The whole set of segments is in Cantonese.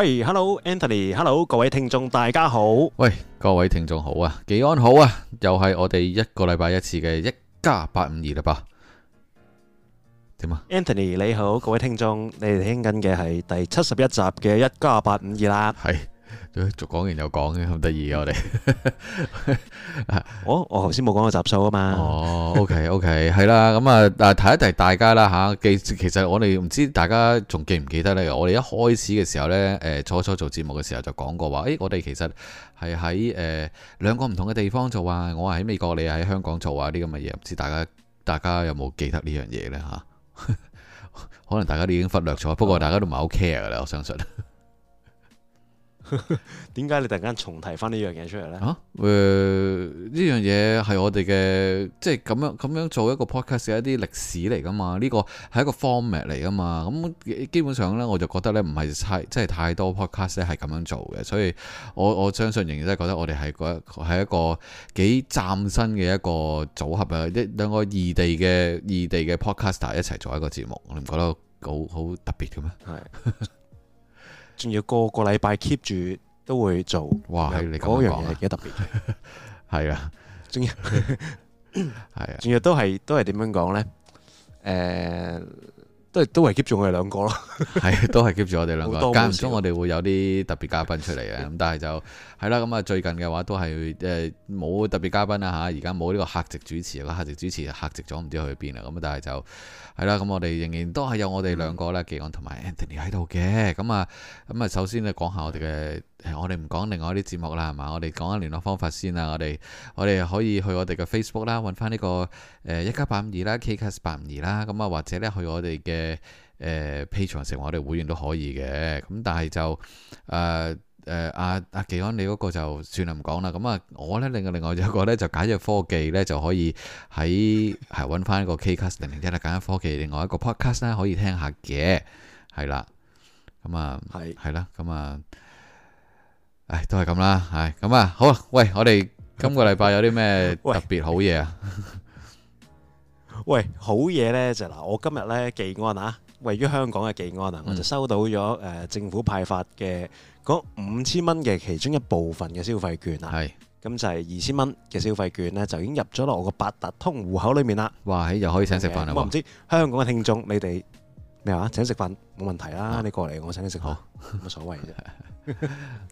喂，Hello，Anthony，Hello，各位聽眾，大家好。喂，各位聽眾好啊，幾安好啊？又係我哋一個禮拜一次嘅一加八五二啦噃。點啊？Anthony 你好，各位聽眾，你哋聽緊嘅係第七十一集嘅一加八五二啦。係。誒，續講完又講嘅，咁得意嘅我哋，我、 哦、我頭先冇講個集數啊嘛。 哦，OK OK，係啦，咁、嗯、啊，但係提一提大家啦吓，記、啊、其實我哋唔知大家仲記唔記得呢？我哋一開始嘅時候呢，誒，初初做節目嘅時候就講過話，誒、哎，我哋其實係喺誒兩個唔同嘅地方做啊，我係喺美國，你喺香港做啊啲咁嘅嘢，唔知大家大家有冇記得呢樣嘢呢？吓？ 可能大家都已經忽略咗，不過大家都唔係好 care 噶啦，我相信。 點解 你突然間重提翻呢樣嘢出嚟呢？啊，誒、呃，呢樣嘢係我哋嘅，即係咁樣咁樣做一個 podcast，一啲歷史嚟噶嘛？呢個係一個 format 嚟噶嘛？咁基本上呢，我就覺得呢唔係太即係太多 podcast 咧係咁樣做嘅，所以我我相信仍然都係覺得我哋係個係一個幾嶄新嘅一個組合啊！一兩個異地嘅異地嘅 podcaster 一齊做一個節目，你唔覺得好好特別嘅咩？係是。 仲要個個禮拜 keep 住都會做，哇！有你嗰樣嘢幾特別，係 啊，仲要係 啊，仲要都係都係點樣講咧？誒、呃。都係都係 keep 住我哋兩個咯， 係都係 keep 住我哋兩個。間唔中我哋會有啲特別嘉賓出嚟嘅，咁 但係就係啦。咁啊最近嘅話都係誒冇特別嘉賓啦嚇，而家冇呢個客席主持，個客席主持客席咗唔知去邊啦。咁但係就係啦，咁我哋仍然都係有我哋兩個咧，幾、嗯、安同埋 Anthony 喺度嘅。咁啊咁啊，首先咧講下我哋嘅。嗯、我哋唔講另外一啲節目啦，係嘛？我哋講下聯絡方法先啦。我哋我哋可以去我哋嘅 Facebook 啦，揾翻呢個誒一家八五二啦，K 卡八五二啦。咁啊，或者呢，去我哋嘅誒、呃、Patreon 成為我哋會員都可以嘅。咁但係就誒誒阿阿幾安，你嗰個就算啦，唔講啦。咁啊，我呢，另外另外有一個咧，就簡約科技呢，就可以喺係揾翻一個 K 卡零零一啦，簡約科技另外一個 podcast 呢，可以聽下嘅，係啦。咁啊，係係的啦，咁啊。唉，都係咁啦，唉，咁啊，好啊，喂，我哋今個禮拜有啲咩特別好嘢啊？喂，好嘢呢，就嗱、是，我今日呢，技安啊，位於香港嘅技安啊，嗯、我就收到咗誒、呃、政府派發嘅嗰五千蚊嘅其中一部分嘅消費券啊，係是，咁就係二千蚊嘅消費券呢，就已經入咗落我個八達通戶口裏面啦。哇，嘿，又可以請食飯啦。我唔知香港嘅聽眾你哋。咩請食飯冇問題啦，啊、你過嚟我請你食、啊、 好，冇所謂啫。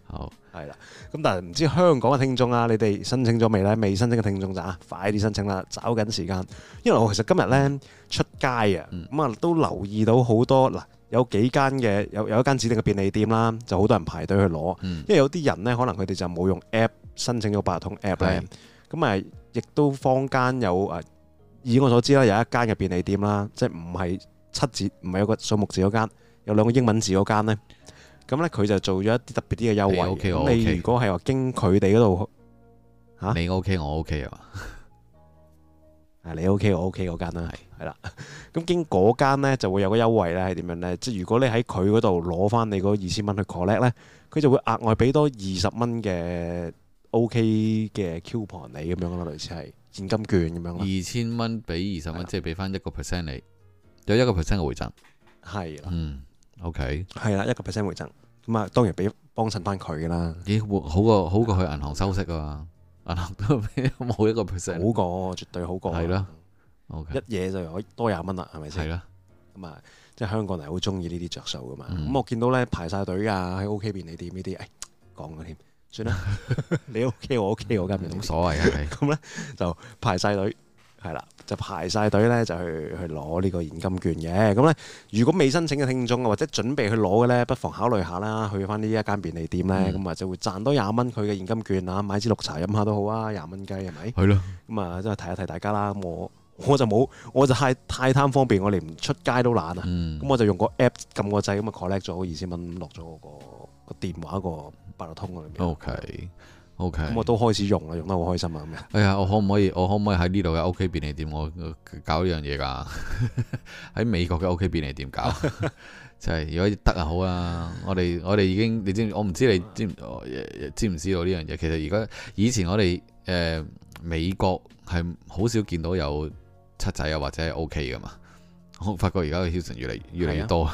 好，係啦。咁但係唔知香港嘅聽眾啊，你哋申請咗未呢？未申請嘅聽眾咋、啊，快啲申請啦！找緊時間，因為我其實今日呢，出街啊，咁啊都留意到好多嗱，有幾間嘅有有一間指定嘅便利店啦、啊，就好多人排隊去攞，嗯、因為有啲人呢，可能佢哋就冇用 App 申請咗八達通 App 咧是，咁啊亦都坊間有啊，以我所知啦，有一間嘅便利店啦，即係唔係。七字唔係有個數目字嗰間，有兩個英文字嗰間呢。咁、嗯、呢，佢就做咗一啲特別啲嘅優惠。你如果係話經佢哋嗰度，吓你 OK 我 OK 啊？你 OK 我 OK 嗰間啦，係係啦。咁、嗯、經嗰間呢就會有個優惠咧係點樣呢？即係如果你喺佢嗰度攞翻你嗰二千蚊去 collect 佢就會額外俾多二十蚊嘅 OK 嘅 coupon 你咁樣咯，類似係現金券咁樣。二千蚊俾二十蚊，了即係俾翻一個 percent 你。有一個 percent 嘅回贈，係，嗯，OK，係啦，一個 percent 回贈，咁啊，當然俾幫襯翻佢啦。咦，好過好過去銀行收息噶嘛？銀行都冇一個 percent，好過，絕對好過，係咯，OK，一嘢就可以多廿蚊啦，係咪先？係啦，咁啊，即係香港人好中意呢啲着數噶嘛？咁我見到咧排晒隊啊，喺 OK 便利店呢啲，誒，講咗添，算啦，你 OK 我 OK 我今日冇所謂啊，係，咁咧就排晒隊。係啦，就排晒隊咧，就去去攞呢個現金券嘅。咁咧，如果未申請嘅聽眾或者準備去攞嘅咧，不妨考慮下啦，去翻呢一間便利店咧，咁啊、嗯、就會賺多廿蚊佢嘅現金券啊，買支綠茶飲下都好啊，廿蚊雞係咪？係咯。咁啊了，即係提一提大家啦。咁我我就冇，我就太太貪方便，我連唔出街都懶啊。咁、嗯、我就用個 app 撳個掣，咁啊 collect 咗二千蚊落咗個個電話個八達通嗰裏面。OK。O Okay . K，、嗯、我都開始用啦，用得好開心啊！咁啊，哎呀，我可唔可以，我可唔可以喺呢度嘅 O K 便利店我搞呢樣嘢噶？喺 美國嘅 O K 便利店搞， 就係如果得啊好啊！我哋我哋已經，你知唔？我唔知你知唔、哦、知唔知道呢樣嘢？其實而家以前我哋誒、呃、美國係好少見到有七仔啊或者 O K 噶嘛，我發覺而家嘅消沉越嚟越嚟越多。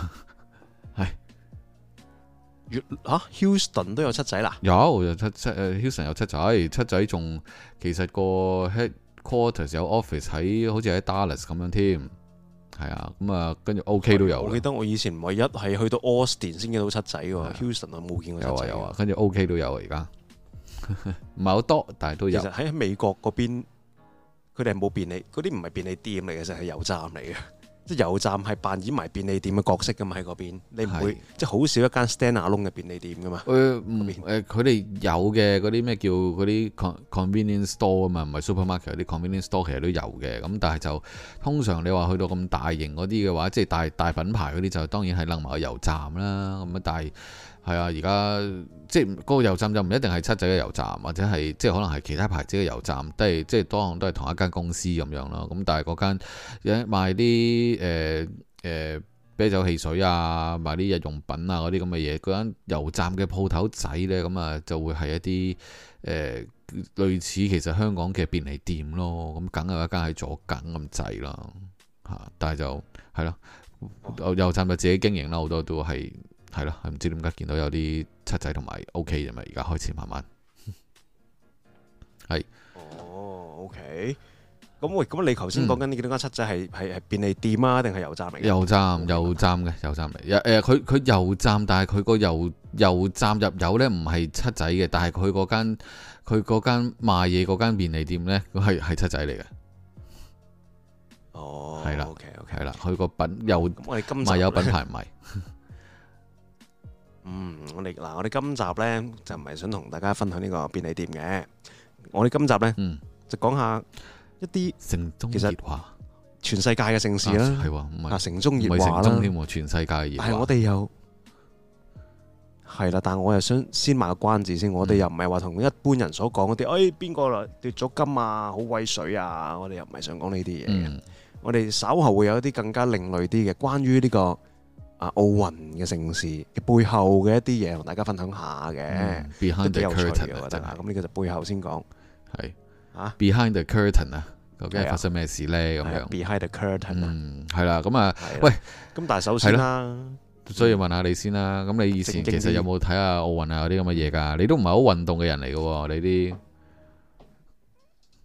越嚇 Houston 都有七仔啦，有有七七，Houston 有七仔，七仔仲其實個 headquarters 有 office 喺，好似喺 Dallas 咁樣添，係啊，咁啊跟住 OK 都有。我記得我以前唯一係去到 Austin 先見到七仔，Houston 啊，冇見過七仔。有啊有啊，跟住 OK 都有啊，而家唔係好多，但係都有。其實喺美國嗰邊，佢哋係冇便利嗰啲，唔係便利店嚟嘅，淨係油站嚟嘅。即油站係扮演埋便利店嘅角色㗎嘛，喺嗰邊你唔會是即好少一間 stand-alone 嘅便利店㗎嘛。誒唔誒，佢哋邊、呃呃、有嘅嗰啲咩叫嗰啲 con convenience store 啊嘛，唔係 supermarket 啲 convenience store 其實都有嘅。咁但係就通常你話去到咁大型嗰啲嘅話，即大大品牌嗰啲就當然係楞埋油站啦。咁啊，但係係啊，而家。即係嗰、嗰個油站就唔一定係七仔嘅油站，或者係即係可能係其他牌子嘅油站，都係即係當然都係同一間公司咁樣咯。咁但係嗰間有賣啲誒誒啤酒汽水啊，賣啲日用品啊嗰啲咁嘅嘢，嗰間油站嘅鋪頭仔呢咁啊就會係一啲誒、呃、類似其實香港嘅便利店咯。咁梗係有一間係左緊咁滯啦嚇，但係就係咯油站就自己經營啦，好多都係。係咯，唔知點解見到有啲七仔同埋 O K 嘅咪，而家開始慢慢係。哦，O K，咁喂，咁、okay. 你頭先講緊呢幾多間七仔係係、嗯、便利店啊，定係油站嚟？油站，油站嘅油站嚟。誒，佢佢油站，但係佢個油油站入油咧，唔係七仔嘅，但係佢嗰間佢嗰間賣嘢嗰間便利店咧，係係七仔嚟嘅。哦，係啦，O K O K，啦，佢個品油、嗯、賣有品牌唔係。嗯，我哋嗱，我哋今集咧就唔係想同大家分享呢個便利店嘅，我哋今集咧就講下一啲城中熱話，全世界嘅城市啦，係話啊城中熱話啦，唔係全世界嘅熱，但係我哋又係啦，但係我又想先賣個關子先，我哋又唔係話同一般人所講嗰啲，誒邊個啦奪咗金啊，好威水啊，我哋又唔係想講呢啲嘢嘅，我哋稍後會有一啲更加另類啲嘅，關於呢個。奧運嘅城市嘅背後嘅一啲嘢，同大家分享下嘅、嗯、，Behind the curtain 都幾有趣嘅，真係的。咁呢個就背後先講，係是啊。Behind the curtain 啊，究竟係發生咩事咧？咁、啊、樣。Behind the curtain，、啊、嗯，係啦。咁啊，啦喂，咁但係首先啦，啦，所以問下你先啦。咁你以前其實有冇睇下奧運啊嗰啲咁嘅嘢噶？你都唔係好運動嘅人嚟嘅喎，你啲。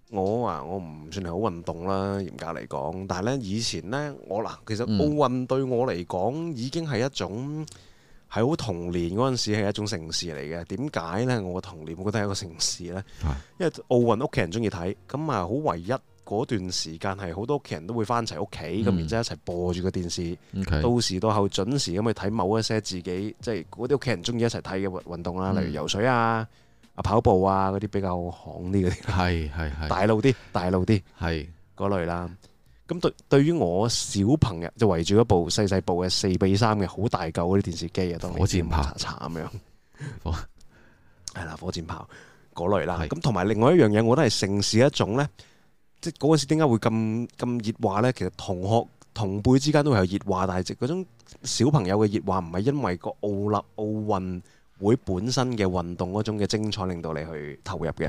我話我唔算係好運動啦，嚴格嚟講。但係呢，以前呢，我嗱，其實奧運對我嚟講已經係一種係好、嗯、童年嗰陣時係一種盛事嚟嘅。點解呢？我嘅童年覺得係一個盛事呢，啊、因為奧運屋企人中意睇，咁啊好唯一嗰段時間係好多屋企人都會翻齊屋企，咁、嗯、然之後一齊播住個電視，嗯 okay. 到時到後準時咁去睇某一些自己即係嗰啲屋企人中意一齊睇嘅活運動啦，例如游水啊。嗯跑步啊，嗰啲比較行啲嗰啲，係係係，大路啲大路啲，係嗰是類啦。咁對對於我小朋友，就圍住一部細細部嘅四比三嘅好大嚿嗰啲電視機啊，都差差火箭炮咁樣。係啦， 火箭炮嗰類啦。咁同埋另外一樣嘢，我都係城市一種咧，即係嗰陣時點解會咁咁熱話咧？其實同學同輩之間都會有熱話，但係即嗰種小朋友嘅熱話，唔係因為個奧立奧運。會本身嘅運動嗰種嘅精彩，令到你去投入嘅，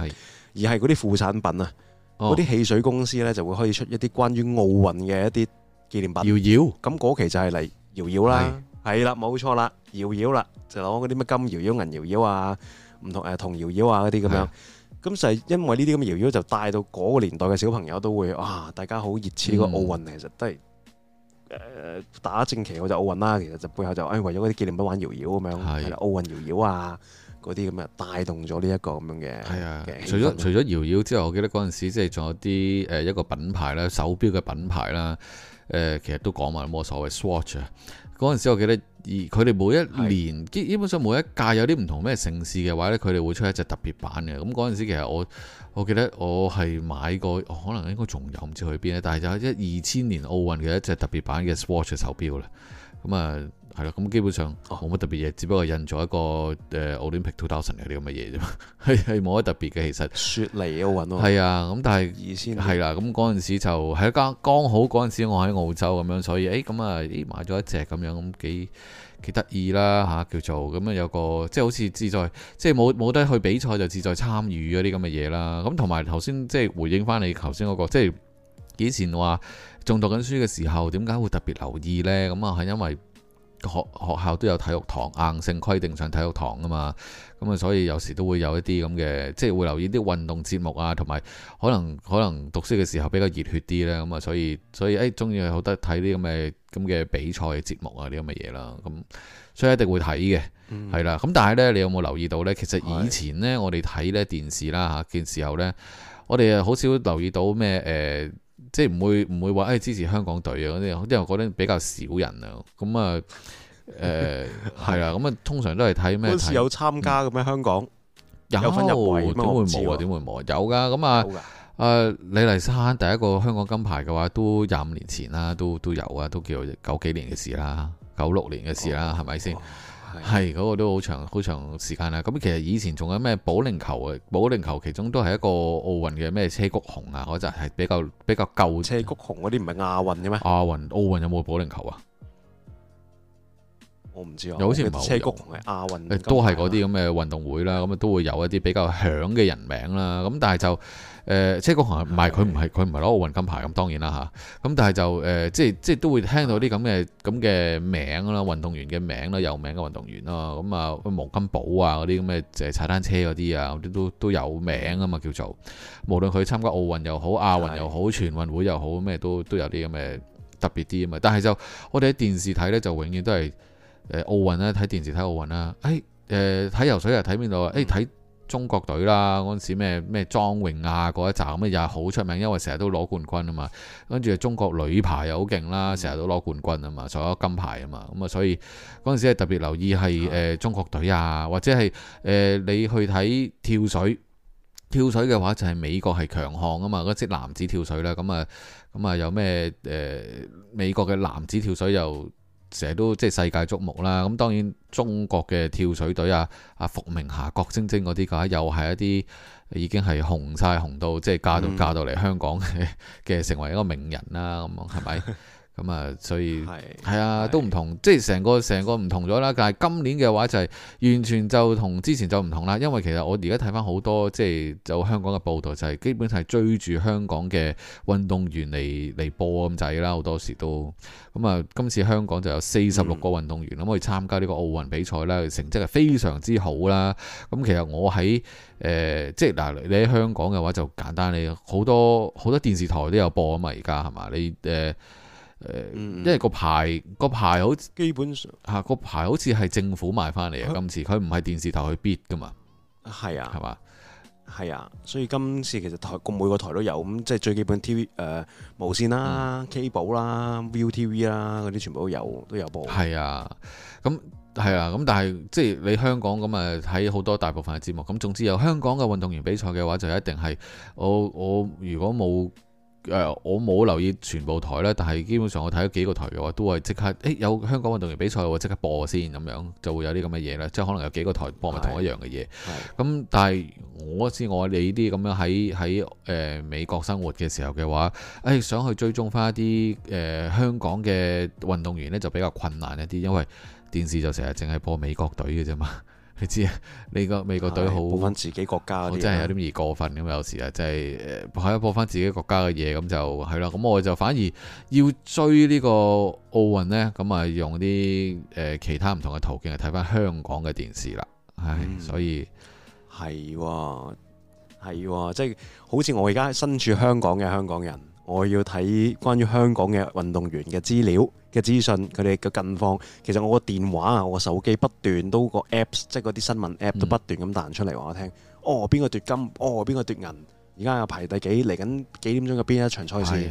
而係嗰啲副產品啊，嗰啲汽水公司咧就會可以出一啲關於奧運嘅一啲紀念品，搖搖，咁嗰期就係嚟搖搖啦，係啦，冇錯啦，搖搖啦，就攞嗰啲咩金搖搖、銀搖搖啊，唔同，誒銅搖搖啊嗰啲咁樣，咁就係因為呢啲咁嘅搖搖就帶到嗰個年代嘅小朋友都會哇，大家好熱切呢個奧運，其實都係。誒打正旗我就奧運啦，其實就背後就誒為咗啲紀念品玩搖搖咁樣，係奧運搖搖啊嗰啲咁啊，帶動咗呢一個咁樣嘅。係啊，除咗除咗搖搖之外，我記得嗰陣時即係仲有啲誒、呃、一個品牌啦，手錶嘅品牌啦，誒、呃、其實都講埋冇所謂 Swatch。Sw 嗰陣時，我記得，而佢哋每一年，基的基本上每一屆有啲唔同咩城市嘅話呢，佢哋會出一隻特別版嘅。咁嗰陣時，其實我我記得我係買過，可能應該仲有唔知去邊咧。但係就一二千年奧運嘅一隻特別版嘅 Swatch 手錶啦。咁啊～係啦，咁基本上冇乜特別嘢，oh. 只不過印咗一個誒、uh, Olympic Two Thousand 嗰啲咁嘅嘢啫，係冇乜特別嘅。其實雪梨奧運咯，係啊。咁但係先係啦，咁嗰陣時就喺一間剛好嗰陣時我喺澳洲咁樣，所以誒咁、欸、啊，咦、欸、買咗一隻咁樣咁幾幾得意啦吓，叫做咁啊有個即係好似志在即係冇冇得去比賽就志在參與嗰啲咁嘅嘢啦。咁同埋頭先即係回應翻你頭先嗰個，即係以前話仲讀緊書嘅時候，點解會特別留意呢？咁啊係因為。學學校都有體育堂，硬性規定上體育堂啊嘛，咁、嗯、啊，所以有時都會有一啲咁嘅，即係會留意啲運動節目啊，同埋可能可能讀書嘅時候比較熱血啲咧，咁、嗯、啊，所以所以誒中意好得睇啲咁嘅咁嘅比賽嘅節目啊，啲咁嘅嘢啦，咁、嗯、所以一定會睇嘅，係啦、嗯。咁但係呢，你有冇留意到呢？其實以前呢，的我哋睇呢電視啦吓，嘅時候呢，我哋好少留意到咩誒。呃即係唔會唔會話誒、哎、支持香港隊啊嗰啲，因為嗰啲比較少人啊。咁啊誒係啊，咁、呃、啊 通常都係睇咩？有參加咁咩香港？嗯、有分入位點有會冇的啊？點會冇啊？有㗎。咁啊誒李麗珊第一個香港金牌嘅話，都廿五年前啦，都都有啊，都叫九幾年嘅事啦，九六年嘅事啦，係咪先？吧係嗰個都好長好長時間啦，咁其實以前仲有咩保齡球啊？保齡球其中都係一個奧運嘅咩車谷紅啊，嗰集係比較比較舊。車谷紅嗰啲唔係亞運嘅咩？亞運奧運有冇保齡球啊？我唔知喎，好似唔車谷紅係亞運，都係嗰啲咁嘅運動會啦，咁啊都會有一啲比較響嘅人名啦，咁但係就。誒，車國行唔係佢，唔係佢，唔係攞奧運金牌咁，當然啦吓，咁但係就誒、呃，即係即係都會聽到啲咁嘅咁嘅名啦，運動員嘅名啦，有名嘅運動員啦。咁啊，黃金寶啊嗰啲咁嘅，誒，踩單車嗰啲啊，嗰啲都都有名啊嘛，叫做無論佢參加奧運又好，亞運又好，全運會又好，咩都都有啲咁嘅特別啲啊嘛。但係就我哋喺電視睇呢，就永遠都係誒、呃、奧運啦、啊，睇電視睇奧運啦。誒誒，睇游水啊，睇邊度啊？誒睇、啊。哎中國隊啦，嗰陣時咩咩莊泳啊嗰一紮咁啊，又係好出名，因為成日都攞冠軍啊嘛。跟住中國女排又好勁啦，成日都攞冠軍啊嘛，所有金牌啊嘛。咁啊，所以嗰陣時係特別留意係誒中國隊啊，或者係誒、呃、你去睇跳水，跳水嘅話就係美國係強項啊嘛。嗰即係男子跳水啦，咁啊咁啊有咩誒、呃、美國嘅男子跳水又？成日都即係世界矚目啦，咁當然中國嘅跳水隊啊，阿伏明霞、郭晶晶嗰啲㗎，又係一啲已經係紅晒紅到，嗯、即係嫁到嫁到嚟香港嘅成為一個名人啦，咁樣係咪？ 咁啊、嗯，所以係是啊，都唔同，是即係成個成個唔同咗啦。但係今年嘅話就係完全就同之前就唔同啦。因為其實我而家睇翻好多即係就香港嘅報道就係、是、基本上係追住香港嘅運動員嚟嚟播咁滯啦。好多時都咁啊，嗯嗯、今次香港就有四十六個運動員咁、嗯、可以參加呢個奧運比賽啦，成績係非常之好啦。咁、嗯、其實我喺誒、呃，即係嗱、呃，你喺香港嘅話就簡單，你好多好多電視台都有播啊嘛。而家係嘛，你誒。呃誒，因為個牌、那個牌好基本上吓，啊那個牌好似係政府買翻嚟啊，它今次佢唔係電視台去 bid 噶嘛，係啊，係嘛吧，係啊，所以今次其實台個每個台都有咁，即係最基本 TV 誒、呃、無線、嗯、Cable，啦、Cable 啦、ViuTV 啦嗰啲全部都有都有播。係啊，咁係啊，咁但係即係你香港咁啊睇好多大部分嘅節目，咁總之有香港嘅運動員比賽嘅話就一定係我我，我如果冇。誒、呃，我冇留意全部台啦，但係基本上我睇咗幾個台嘅話，都係即刻，誒、欸、有香港運動員比賽，我即刻播先咁樣，就會有啲咁嘅嘢啦。即係可能有幾個台播埋同一樣嘅嘢。咁的、嗯、但係我知我哋呢啲咁樣喺喺誒美國生活嘅時候嘅話，誒、欸、想去追蹤翻一啲誒、呃、香港嘅運動員呢，就比較困難一啲，因為電視就成日淨係播美國隊嘅啫嘛。你知啊？呢個美國隊好，播翻自己國家，我真係有啲易過分咁，有時啊、就是，就係誒，係啊，播翻自己國家嘅嘢，咁就係啦。咁我就反而要追呢個奧運呢，咁啊用啲誒、呃、其他唔同嘅途徑嚟睇翻香港嘅電視啦。嗯、唉，所以係係即係，啊啊就是、好似我而家身處香港嘅香港人，我要睇關於香港嘅運動員嘅資料嘅資訊，佢哋嘅近況。其實我個電話啊，我個手機不斷都個 Apps，即係嗰啲新聞 App 都不斷咁彈出嚟話我聽。嗯、哦，邊個奪金？哦，邊個奪銀？而家又排第幾？嚟緊幾點鐘嘅邊一場賽事？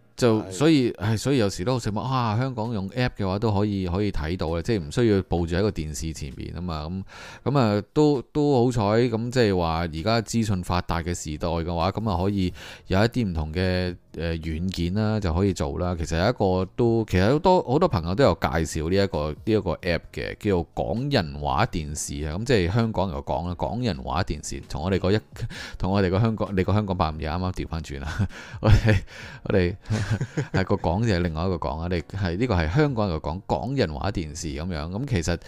就所以係，所以有時都好醒目啊！香港用 app 嘅話都可以可以睇到嘅，即係唔需要佈住喺個電視前面啊嘛。咁咁啊，都都好彩咁，即係話而家資訊發達嘅時代嘅話，咁啊可以有一啲唔同嘅。誒、呃、軟件啦，就可以做啦。其實一個都，其實好多好多朋友都有介紹呢一個呢一、這個 app 嘅，叫做「港人話電視」啊。咁、嗯、即係香港人講啊，港人話電視。同我哋個一，同我哋個香港，你個香港版唔係啱啱調翻轉啊？我哋我哋係 個講就係另外一個講啊。我哋係呢個係香港人講港，港人話電視咁樣。咁、嗯、其實。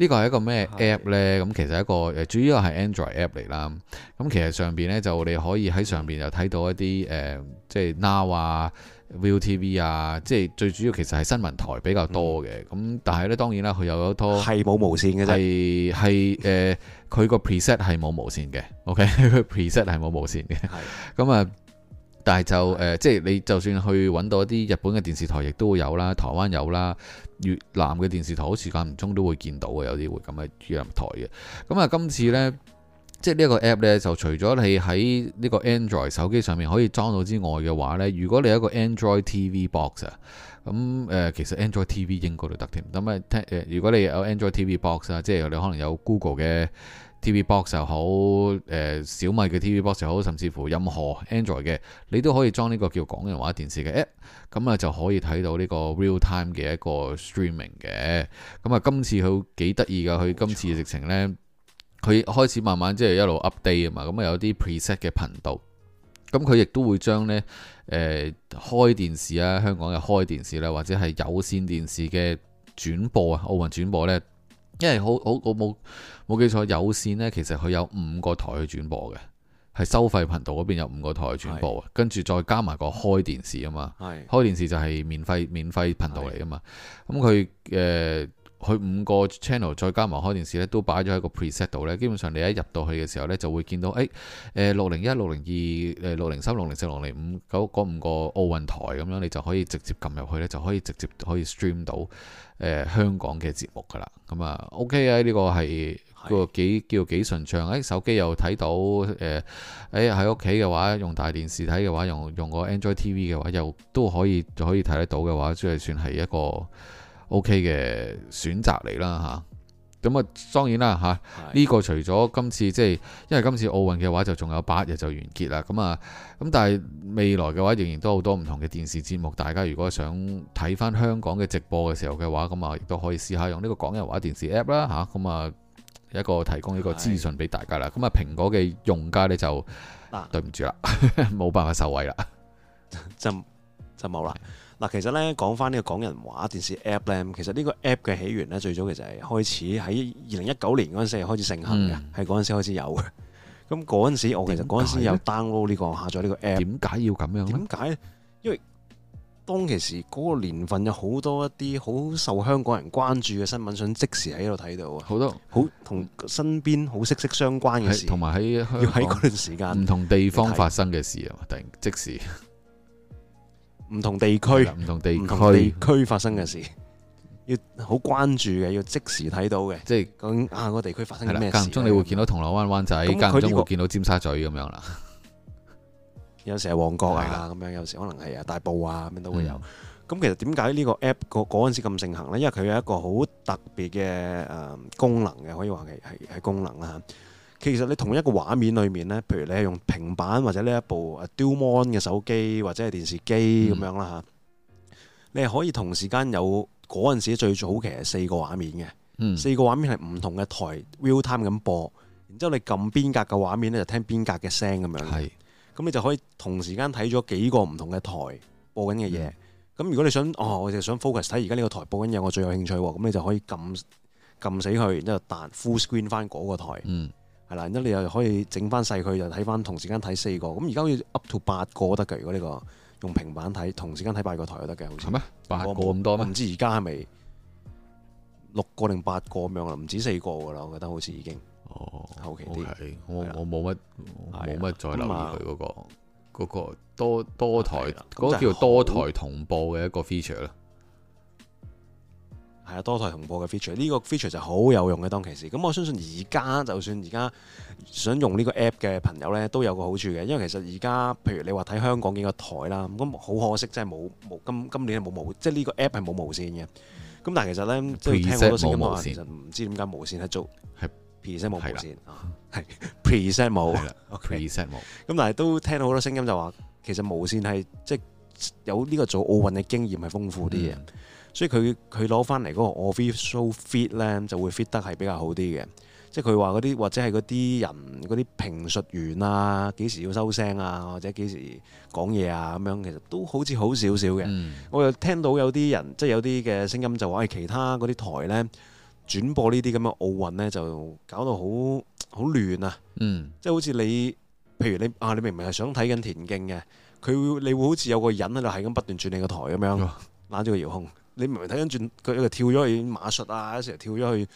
呢個係一個咩 app 呢？咁的其實一個誒，主要係 Android app 嚟啦。咁其實上邊呢，就你可以喺上邊就睇到一啲誒、呃，即係 Now 啊、ViuTV 啊，即係最主要其實係新聞台比較多嘅。咁、嗯、但係呢，當然啦，佢有一多係冇無線嘅，係係誒，佢個、呃、preset 係冇無線嘅。OK，佢 preset 係冇無線嘅。咁啊的！ 嗯但係就誒，即、呃、係、就是、你就算去揾到一啲日本嘅電視台，亦都會有啦，台灣有啦，越南嘅電視台好似間唔中都會見到嘅，有啲會咁嘅越南台嘅。咁、嗯、啊，今次呢，即係呢一個 app 呢，就除咗你喺呢個 Android 手機上面可以裝到之外嘅話呢，如果你有一個 Android TV box 啊、嗯，咁、呃、誒，其實 Android TV 應該都得添。咁啊、呃，如果你有 Android TV box 啊，即係你可能有 Google 嘅。TV Box 又好，誒、呃、小米嘅 TV Box 又好，甚至乎任何 Android 嘅，你都可以裝呢個叫講人話電視嘅 app，咁、嗯、啊、嗯、就可以睇到呢個 real time 嘅一個 streaming 嘅。咁、嗯、啊、嗯，今次佢幾得意噶，佢今次嘅直情呢，佢開始慢慢即係、就是、一路 update 啊嘛。咁、嗯、啊有啲 preset 嘅頻道，咁佢亦都會將呢誒、呃、開電視啊，香港嘅開電視啦、啊，或者係有線電視嘅轉播啊，奧運轉播呢。因為好好冇冇記錯，有線呢其實佢有五個台去轉播嘅，係收費頻道嗰邊有五個台去轉播嘅，跟住是再加埋個開電視啊嘛，是開電視就係免費免費頻道嚟啊嘛，咁佢誒佢五個 channel 再加埋開電視呢，都擺咗喺個 preset 度呢，基本上你一入到去嘅時候呢，就會見到誒誒六零一、六零二、誒六零三、六零四、六零五九嗰五個奧運台咁樣，你就可以直接撳入去呢就可以直接可以 stream 到。誒、呃、香港嘅節目㗎啦，咁啊 OK 啊，呢、這個係個幾叫幾順暢，誒、哎、手機又睇到，誒喺喺屋企嘅話，用大電視睇嘅話，用用個 Android TV 嘅話，又都可以就可以睇得到嘅話，即係算係一個 OK 嘅選擇嚟啦嚇。啊咁啊，當然啦，嚇呢是的 個除咗今次即係，因為今次奧運嘅話就仲有八日就完結啦。咁啊，咁但係未來嘅話，仍然都好多唔同嘅電視節目。大家如果想睇返香港嘅直播嘅時候嘅話，咁啊，亦都可以試下用呢個廣人話電視 App 啦，吓，咁啊，一個提供呢個資訊俾大家啦。咁啊，蘋果嘅用家呢，就那對唔住啦，冇 辦法受惠啦 ，就就冇啦。嗱，其實咧，講翻呢個港人話電視 app 咧，其實呢個 app 嘅起源咧，最早其實係開始喺二零一九年嗰陣時開始盛行嘅，係嗰陣時開始有嘅。咁嗰陣時，我其實嗰陣時有 download 呢個下載呢個 app 呢。點解要咁樣咧？點解？因為當其時嗰個年份有好多一啲好受香港人關注嘅新聞，想即時喺度睇到啊！好多好同身邊好息息相關嘅事，同埋喺要喺嗰段時間唔同地方發生嘅事啊！看突然即時。唔同地區，唔同地區，唔同地區發生嘅事，要好關注嘅，要即時睇到嘅，即係究竟啊個地區發生咩事。間中你會見到銅鑼灣、灣仔，間中會見到尖沙咀咁樣啦。有時係旺角嚟啦，咁樣有時可能係啊大埔啊，咁樣都會有。咁其實點解呢個 app 嗰嗰陣時咁盛行咧？因為佢有一個好特別嘅誒功能嘅，可以話係係係功能啦。其實你同一個畫面裏面咧，譬如你係用平板或者呢一部啊 Dual Mon 嘅手機或者係電視機咁、嗯、樣啦嚇，你係可以同時間有嗰陣時最早期係四個畫面嘅，嗯、四個畫面係唔同嘅台 real time 咁播，然之後你撳邊格嘅畫面咧就聽邊格嘅聲咁樣，咁是你就可以同時間睇咗幾個唔同嘅台播緊嘅嘢。咁、嗯、如果你想哦，我就想 focus 睇而家呢個台播緊嘢，我最有興趣喎，咁你就可以撳撳死佢，然之後彈 full screen 翻嗰個台。嗯係啦，然之後你又可以整翻細佢，就睇翻同時間睇四個咁。而家可以 up to 八個都得嘅。如果呢、這個用平板睇，同時間睇八個台都得嘅，好似咩八個咁多，唔知而家係咪六個定八個咁樣啦，唔止四個噶啦。我覺得好似已經哦後期啲，我了我冇乜冇乜再留意佢嗰、那個嗰了、啊、個多多台嗰了個叫多台同步嘅一個 feature 啦。係啊，多台同播嘅 feature，呢個 feature 就好有用嘅，當其時。咁我相信而家就算而家想用呢個 app 嘅朋友咧，都有個好處嘅。因為其實而家譬如你話睇香港幾個台啦，咁好可惜，真係冇冇今今年冇無即係呢個 app 係冇無線嘅。咁但係其實咧，即係聽好多聲音話，線其實唔知點解無線係做係 preset 無無線，preset 無 preset 無。咁但係都聽到好多聲音就話，其實無線係即係有呢個做奧運嘅經驗係豐富啲嘅。嗯所以佢佢攞翻嚟嗰個 official feed 咧，就會 fit 得係比較好啲嘅。即係佢話嗰啲或者係嗰啲人嗰啲評述員啊，幾時要收聲啊，或者幾時講嘢啊，咁樣其實都好似好少少嘅。嗯、我又聽到有啲人即係有啲嘅聲音就話，誒其他嗰啲台咧轉播呢啲咁嘅奧運咧，就搞到好好亂啊！嗯、即係好似你，譬如你啊，你明明係想睇緊田徑嘅，佢會你會好似有個人喺度係咁不斷轉你個台咁樣，攬住個遙控。你明明睇緊轉佢一個跳咗去馬術啊，一時跳咗去誒、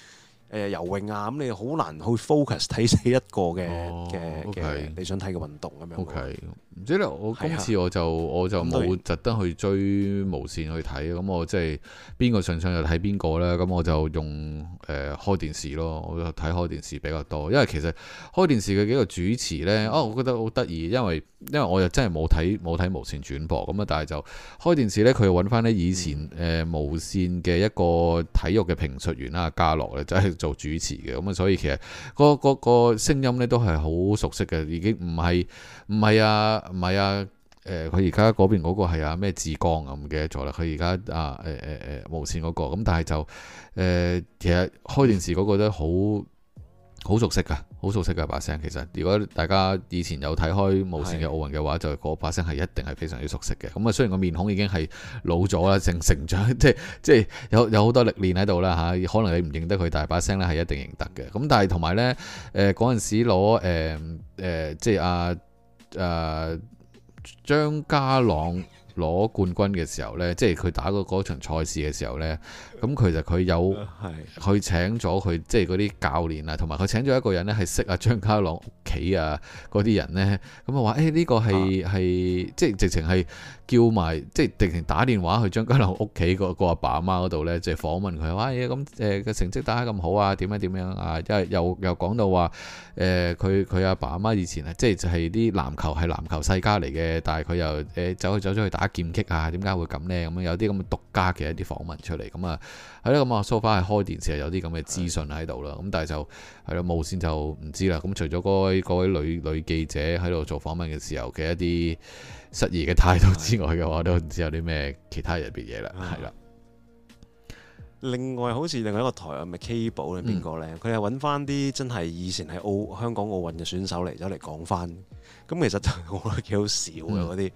呃、游泳啊，咁你好難去 focus 睇死一個嘅嘅嘅你想睇嘅運動咁樣。Okay. 唔知咧，我今次我就，啊，我就冇特登去追無線去睇，咁對，嗯，我即係邊個上上又睇邊個咧？咁，嗯，我就用誒，呃，開電視咯，我就睇開電視比較多，因為其實開電視嘅幾個主持咧，哦，我覺得好得意，因為因為我又真係冇睇冇睇無線轉播咁啊，但係就開電視咧，佢又揾翻咧以前誒，呃，無線嘅一個體育嘅評述員啦，家樂咧，就係，是，做主持嘅，咁，嗯，啊，所以其實個嗰個聲音咧都係好熟悉嘅，已經唔係唔係啊～唔係啊，誒、呃，佢而家嗰邊嗰個係啊咩志剛啊，唔記得咗啦。佢而家啊，誒誒誒無綫嗰、嗰個，咁但係就誒、呃，其實開電視嗰個都好好熟悉噶，好熟悉嘅把聲。其實如果大家以前有睇開無綫嘅奧運嘅話，就嗰把聲係一定係非常之熟悉嘅。咁、嗯、啊，雖然個面孔已經係老咗啦，成成長即係即係有有好多歷練喺度啦吓，可能你唔認得佢，但係把聲咧係一定認得嘅。咁但係同埋咧，誒嗰陣時攞誒誒，即係、啊、阿。啊啊啊啊誒，張家朗攞冠軍嘅時候呢，即係佢打過嗰場賽事嘅時候呢，咁其實佢有去請咗佢，即係嗰啲教練啊，同埋佢請咗一個人呢，係識阿張家朗屋企啊嗰啲人呢。咁啊話誒呢個係係即係直情係。叫埋即係突然打電話去張家朗屋企個個阿爸阿媽嗰度呢，即係訪問佢。哇、哎！咁誒個成績打得咁好啊，點樣點樣啊？即係又又講到話誒，佢佢阿爸阿媽以前啊，即係就係啲籃球係籃球世家嚟嘅，但係佢又誒、呃、走去走咗去打劍擊啊？點解會咁呢？咁、嗯、樣有啲咁嘅獨家嘅一啲訪問出嚟咁啊！係啦，咁啊，sofa 係開電視，係有啲咁嘅資訊喺度啦。咁但係就係咯，無線就唔知啦。咁除咗嗰位嗰位女女記者喺度做訪問嘅時候嘅一啲失儀嘅態度之外嘅話，的都唔知有啲咩其他入邊嘢啦。係啦。另外，好似另外一個台啊，係咪 cable 咧，邊個咧？佢係揾翻啲真係以前喺澳香港奧運嘅選手嚟咗嚟講翻。咁其實就我覺得幾好笑嘅嗰啲。嗯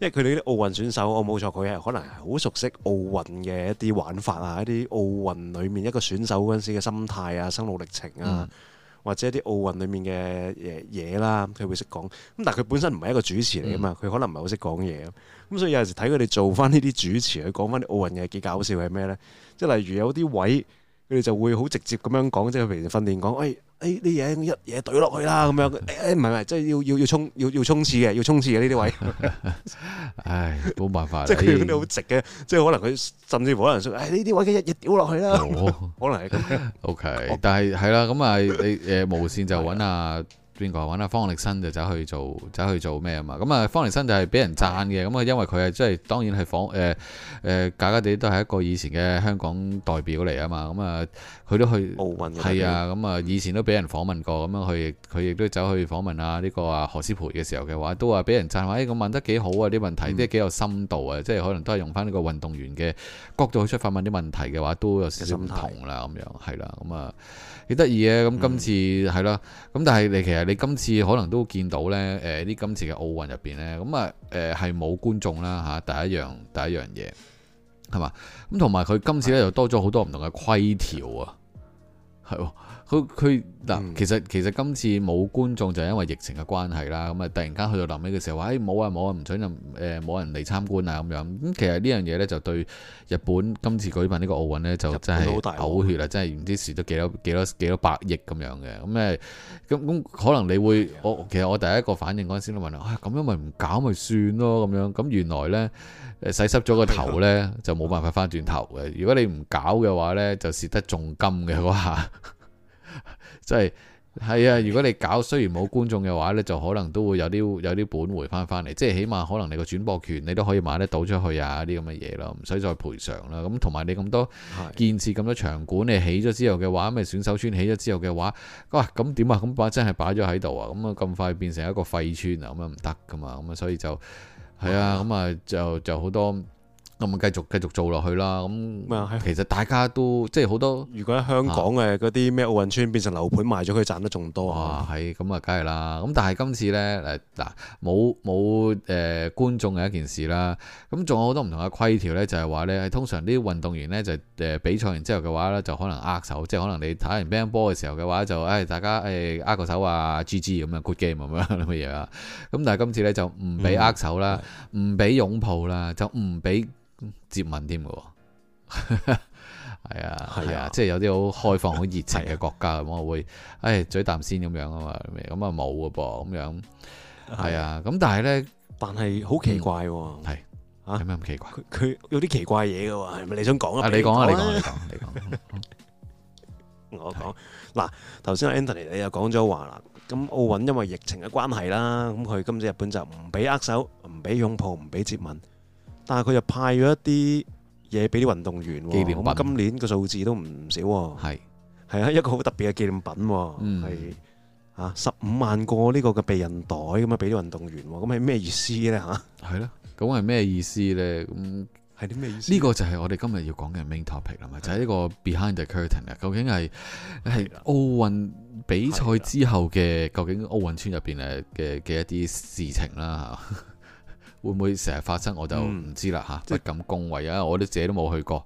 因為佢哋啲奧運選手，我冇錯，佢係可能係好熟悉奧運嘅一啲玩法啊，一啲奧運裏面一個選手嗰陣時嘅心態啊、生路歷程啊，嗯、或者一啲奧運裏面嘅嘢啦，佢會識講。咁但係佢本身唔係一個主持嚟㗎嘛，佢、嗯、可能唔係好識講嘢。咁所以有陣時睇佢哋做翻呢啲主持，佢講翻啲奧運嘢幾搞笑係咩呢？即係例如有啲位，佢哋就會好直接咁樣講，即係平時訓練講，哎。誒，啲嘢、哎、一嘢懟落去啦，咁樣誒，唔係唔係，即、哎、係、就是、要要要衝要要衝刺嘅，要衝刺嘅呢啲位， 唉，冇辦法， 即係佢嗰啲好直嘅，即係可能佢甚至乎可能說，誒呢啲位佢一嘢掉落去啦，哦、 可能係咁嘅，O K，但係係啦，咁啊，你誒無線就揾啊。 邊個揾啊？方力申就走去做，走去做咩啊嘛？咁啊，方力申就係俾人讚嘅。咁啊，因為佢啊，即係當然係訪誒誒，假假哋都係一個以前嘅香港代表嚟啊嘛。咁、嗯、啊，佢都去奧運，係啊。咁啊，以前都俾人訪問過。咁樣去，佢亦都走去訪問啊。呢個啊何詩蓓嘅時候嘅話，都話俾人讚話，誒，咁問得幾好啊？啲問題，即係幾、嗯、有深度啊！即係可能都係用翻呢個運動員嘅角度去出發問啲問題嘅話，都有少少唔同啦。咁樣係啦，咁啊。幾得意嘅，咁今次係啦，咁、嗯、但係你其實你今次可能都見到呢，誒、呃、啲今次嘅奧運入邊呢，咁啊誒係冇觀眾啦嚇、啊，第一樣第一樣嘢係嘛。咁同埋佢今次呢，又多咗好多唔同嘅規條啊，係的。佢佢嗱，其實其實今次冇觀眾就係因為疫情嘅關係啦，咁啊突然間去到臨尾嘅時候話，哎冇啊冇啊，唔准任誒冇人嚟、呃、參觀啊咁樣，咁其實呢樣嘢咧就對日本今次舉辦呢個奧運咧就真係好大嘔血啊，真係唔知蝕咗幾多幾多幾多百億咁樣嘅，咁咧咁咁可能你會，的我其實我第一個反應嗰陣時都問啊，咁、哎、樣咪唔搞咪算咯咁樣，咁原來咧誒洗濕咗個頭咧的就冇辦法翻轉頭嘅，如果你唔搞嘅話咧就蝕得重金嘅話 即係係啊！如果你搞雖然冇觀眾嘅話咧，就可能都會有啲有啲本回翻返嚟，即係起碼可能你個轉播權你都可以賣得到出去啊啲咁嘅嘢咯，唔使再賠償啦。咁同埋你咁多建設咁是的 多場館，你起咗之後嘅話，咪選手村起咗之後嘅話，哇！咁點啊？咁擺真係擺咗喺度啊！咁啊咁快變成一個廢村啊！咁啊唔得噶嘛！咁啊所以就係啊咁啊就就好多。咁咪繼續繼續做落去啦。咁其實大家都即係好多。如果喺香港嘅嗰啲咩奧運村變成樓盤、啊、賣咗，佢賺得仲多啊。係咁啊，梗係啦。咁但係今次呢，誒、啊、嗱，冇冇誒觀眾嘅一件事啦。咁仲有好多唔同嘅規條呢，就係話呢，通常啲運動員呢，就誒、呃、比賽完之後嘅話呢，就可能握手，即係可能你打完乒乓波嘅時候嘅話就誒、哎、大家誒、哎、握個手啊，G G 咁啊，Good game 咁啊，咁嘅嘢啊。咁但係今次呢，就唔俾握手啦，唔俾、嗯、擁抱啦，就唔俾。接吻添嘅。係啊，係啊，即係有啲好開放、好熱情嘅國家，咁我會誒嘴啖先咁樣啊嘛，咁啊冇嘅噃。咁樣係啊，咁但係咧，但係好奇怪嘅。係啊，有咩咁奇怪？佢有啲奇怪嘢嘅，係咪你想講啊？你講啊，你講，你講，你講。我講。嗱，頭先阿 Anthony 你又講咗話啦，咁奧運因為疫情嘅關係啦，咁佢今次日本就唔俾握手，唔俾擁抱，唔俾接吻。但係佢就派咗一啲嘢俾啲運動員，咁、嗯、今年個數字都唔少喎。係係啊，一個好特別嘅紀念品喎，係啊、嗯，十五萬個呢個嘅避孕袋咁啊俾啲運動員，咁係咩意思咧？吓、啊？係囉，咁係咩意思咧？咁係啲咩意思呢？呢個就係我哋今日要講嘅 main topic 啦嘛，就係、是、呢個 behind the curtain 啊，究竟係係的奧運比賽之後嘅的究竟奧運村入邊嘅嘅嘅一啲事情啦嚇。會唔會成日發生我就唔知啦，嗯啊，即不敢恭維啊！ 我都自己都冇去過，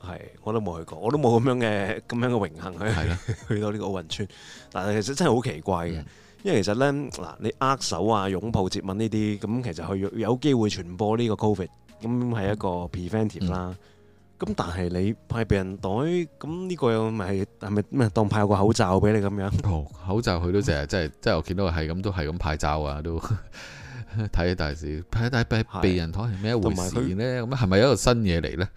係我都冇去過，我都冇咁樣嘅咁樣嘅榮幸去的 去到呢個奧運村。但係其實真係好奇怪嘅，嗯，因為其實咧嗱，你握手啊，擁抱、接吻呢啲咁，其實去有機會傳播呢個 covid，咁係一個 preventive 啦，嗯。咁但係你派避孕袋，咁呢個又咪係咪咩？當派個口罩俾你咁樣？哦，口罩佢都成日，即係、嗯、真係我見到係咁，都係咁派罩啊，都睇大事。派派派避孕袋係咩回事咧？咁係咪一個新嘢嚟呢？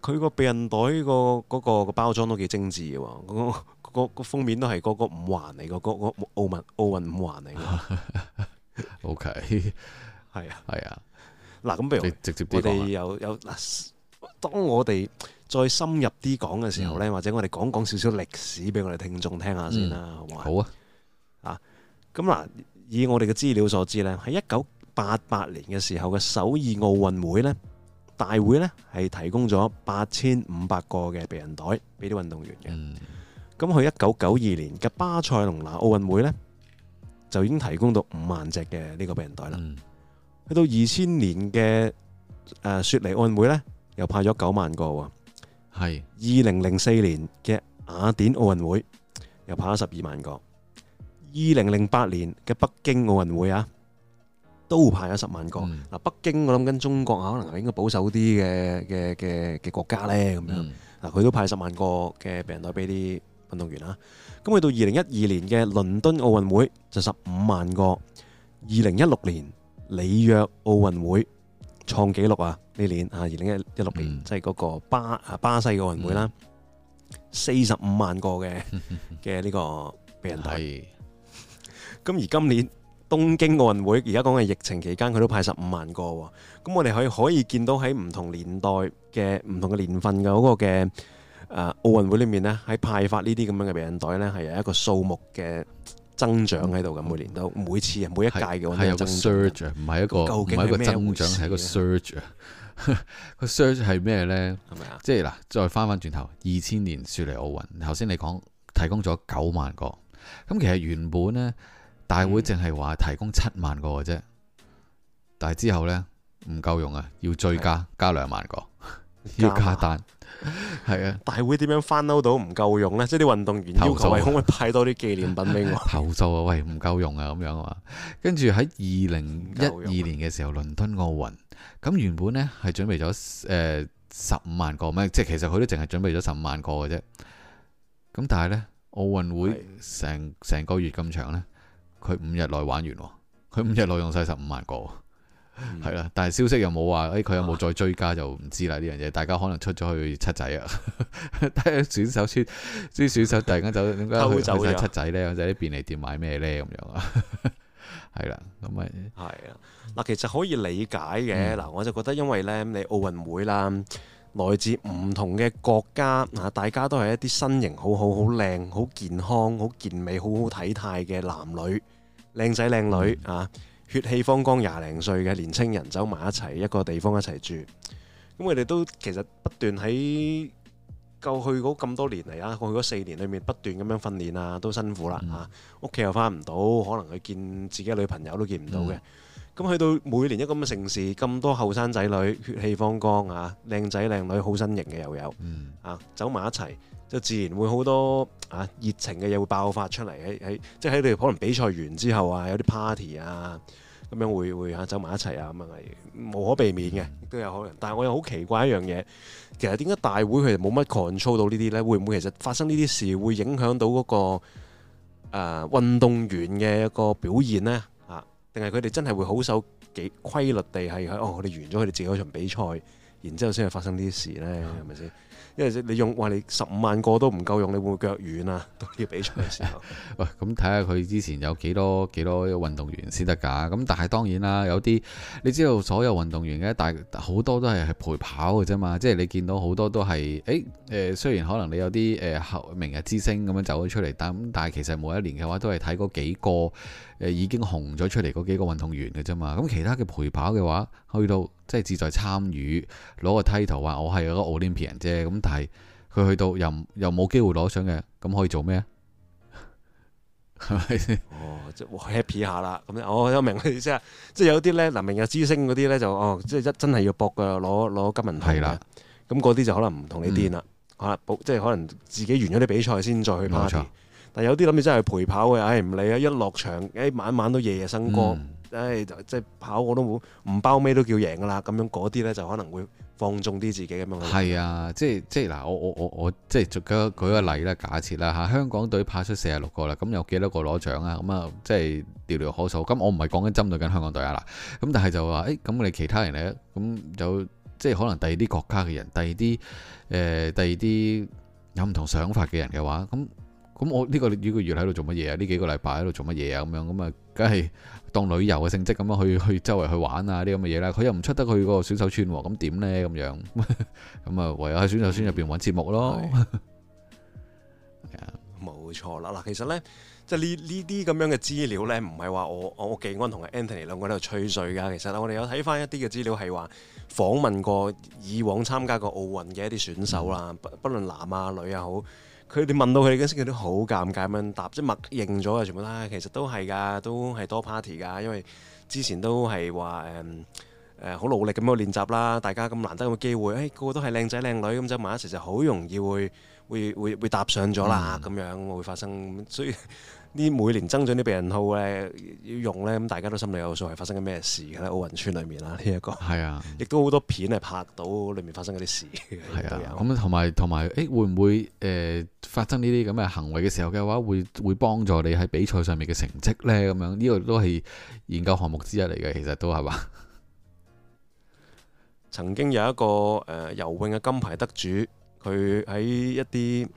佢個避孕袋個嗰個包裝都幾精緻嘅喎，個個封面都係嗰個五環嚟嘅，嗰個奧運奧運五環嚟嘅。O K，係啊，係啊。嗱，咁譬如我哋有有嗱，當我哋再深入啲講嘅時候咧，或者我哋講講少少歷史俾我哋聽眾聽下先啦，好唔好啊？好啊！啊，咁嗱，以我哋嘅資料所知咧，喺一九八八年嘅時候嘅首爾奧運會咧，大會咧係提供咗八千五百個嘅避孕袋俾啲運動員嘅。咁去一九九二年嘅巴塞隆拿奧運會咧，就已經提供到五萬隻嘅呢個避孕袋啦。去到二千年嘅，誒、呃，雪梨奧運會咧，又派咗九萬個，係二零零四年嘅雅典奧運會又派咗十二萬個，二零零八年嘅北京奧運會啊，都派咗十萬個。嗱、嗯，北京我諗跟中國可能係應該保守啲嘅嘅嘅嘅國家咧，咁樣嗱，佢、嗯、都派十萬個嘅病袋俾啲運動員啊。咁去到二零一二年嘅倫敦奧運會就十五萬個，二零一六年。里約奧運會創紀錄啊！呢年啊，二零一一六年，即係嗰個巴啊巴西嘅奧運會啦，四十五萬個嘅嘅呢個避孕袋。咁是而今年東京奧運會，而家講嘅疫情期間，佢都派十五萬個。咁我哋可以可以見到喺唔同年代嘅唔同嘅年份嘅嗰個嘅誒奧運會裏面呢，喺派發呢啲咁樣嘅避孕袋呢，係有一個數目嘅。增長喺度咁，嗯、每年都每次每一屆嘅我哋增長。係一個 surge 啊，唔係一個究竟唔係一個增長，係是一個 surge 啊。個 surge 係咩呢？係咪？即係嗱，再翻翻轉頭，二千年雪梨奧運，頭先你講提供咗九萬個，咁其實原本呢，大會淨係話提供七萬個嘅啫，嗯、但係之後呢，唔夠用啊，要追加加兩萬個，嗎要加單。加係啊，大會點樣翻到唔夠用呢？即係啲運動員要求， 喂，可唔可派多啲紀念品俾我？投訴啊，喂，唔夠用啊，咁樣啊嘛。跟住喺二零一二年嘅時候，倫敦奧運，咁原本呢係準備咗誒十五萬個，咩？即係其實佢都淨係準備咗十五萬個嘅啫。咁但係呢奧運會成成的個月咁長呢，佢五日內玩完，佢五日內用晒十五萬個。係啦，但係消息又冇話，誒佢有冇再追加就唔知啦呢樣嘢。大家可能出咗去七仔啊，睇選手出，啲選手突然間走，點解去睇七仔呢，或者啲便利店買咩呢？咁樣啊，係啦，咁咪。係啊，嗱其實可以理解嘅。嗱我就覺得因為呢，你奧運會啦，來自唔同嘅國家啊，大家都係一啲身形好好、好靚、好健康、好健美、好好體態嘅男女，靚仔靚女啊。血氣方剛廿零歲嘅年青人走埋一齊，一個地方一齊住，咁佢哋都其實不斷喺過去嗰咁多年嚟啊，過去嗰四年裏面不斷咁樣訓練啊，都辛苦啦嚇，屋企、嗯啊、又翻唔到，可能佢見自己女朋友都見唔到嘅，咁去、嗯、到每年一個咁嘅城市，咁多後生仔女血氣方剛啊，靚仔靚女好身形嘅又有，嗯、啊走埋一齊就自然會好多啊熱情嘅嘢會爆發出嚟喺喺即係喺你哋可能比賽完之後啊，有啲 party 啊～咁樣會會嚇走埋一齊啊！咁樣係無可避免嘅，都有可能。但係我又好奇怪一樣嘢，其實點解大會佢哋冇乜 control 到呢啲呢？會唔會其實發生呢啲事會影響到嗰、那個誒、呃、運動員嘅一個表現呢？啊，定係佢哋真係會好守幾規律地係哦？我哋完咗佢哋自己一場比賽，然之後先係發生呢啲事呢？係咪先？是因為你用話你十五萬個都唔夠用，你會唔會腳軟啊？都要比賽嘅時候，喂、 嗯，咁睇下佢之前有幾多幾多運動員先得㗎？咁但係當然啦，有啲你知道所有運動員嘅，但好多都係係陪跑嘅啫嘛。即係你見到好多都係，誒、欸、誒、呃，雖然可能你有啲誒後明日之星咁樣走咗出嚟，但咁但係其實每一年嘅話都係睇嗰幾個。誒已經紅咗出嚟嗰幾個運動員嘅啫嘛，咁其他嘅陪跑嘅話，去到即係志在參與，攞個銜頭話我係個 Olympian 啫，咁但係佢去到又又冇機會攞獎嘅，咁可以做咩啊？係 咪 哦，即係 happy 下啦。咁咧，哦，我明佢意思啊，即係有啲咧，嗱，明日之星嗰啲咧就哦，即係一真係要搏嘅攞攞金銀銅。係啦的，咁嗰啲就可能唔同你癲啦，能、嗯嗯，即係可能自己完咗啲比賽先再去攞。a 但有啲諗住真係陪跑嘅，唉唔理啦。一落場，唉晚晚都夜夜笙歌，嗯、唉即係跑我都好唔包尾都叫贏噶啦。咁樣嗰啲呢，就可能會放縱啲自己咁樣。係啊，即係即係嗱，我我我我即係舉舉個例啦，假設啦嚇香港隊派出四十六個啦，咁有幾多個攞獎啊？咁啊，即係寥寥可數。咁我唔係講緊針對緊香港隊啊嗱，咁但係就話誒，咁我哋其他人呢，咁有即係可能第二啲國家嘅人，第二啲誒第二啲有唔同想法嘅人嘅話，咁。咁我呢個呢個月喺度做乜嘢啊？呢幾個禮拜喺度做乜嘢啊？咁樣咁啊，梗係當旅遊嘅性質咁樣去去周圍去玩啊！啲咁嘅嘢啦，佢又唔出得去嗰個選手村，咁點呢？咁樣咁啊， 唯有喺選手村入邊揾節目咯。冇錯啦！嗱， 其實呢，即係呢呢啲咁樣嘅資料呢，唔係話我我我記安同 Anthony 兩個喺度吹水噶。其實我哋有睇翻一啲嘅資料，係話訪問過以往參加過奧運嘅一啲選手啦，嗯、不不論男啊女又、啊、好。佢哋問到佢哋嗰陣時，都好尷尬咁樣答，即默認咗啊！全部啦，其實都係㗎，都係多 party 㗎，因為之前都係話誒誒好努力咁樣練習啦，大家咁難得有嘅機會，誒、哎、個個都係靚仔靚女咁走埋一齊，就好容易會會會會搭上咗啦，咁、嗯、樣會發生，所以。 啲每年增長啲避孕套咧，要用咧，咁大家都心裏有數，係發生緊咩事嘅咧？奧運村裡面啊，呢一個係啊，亦都好多片係拍到裡面發生嗰啲事。係啊，咁同埋同埋，誒、嗯欸、會唔會誒、呃、發生呢啲咁嘅行為嘅時候嘅話，會會幫助你喺比賽上面嘅成績咧？咁樣呢個都係研究項目之一嚟嘅，其實都係話， 曾經有一個誒、呃、游泳嘅金牌得主，佢喺一啲。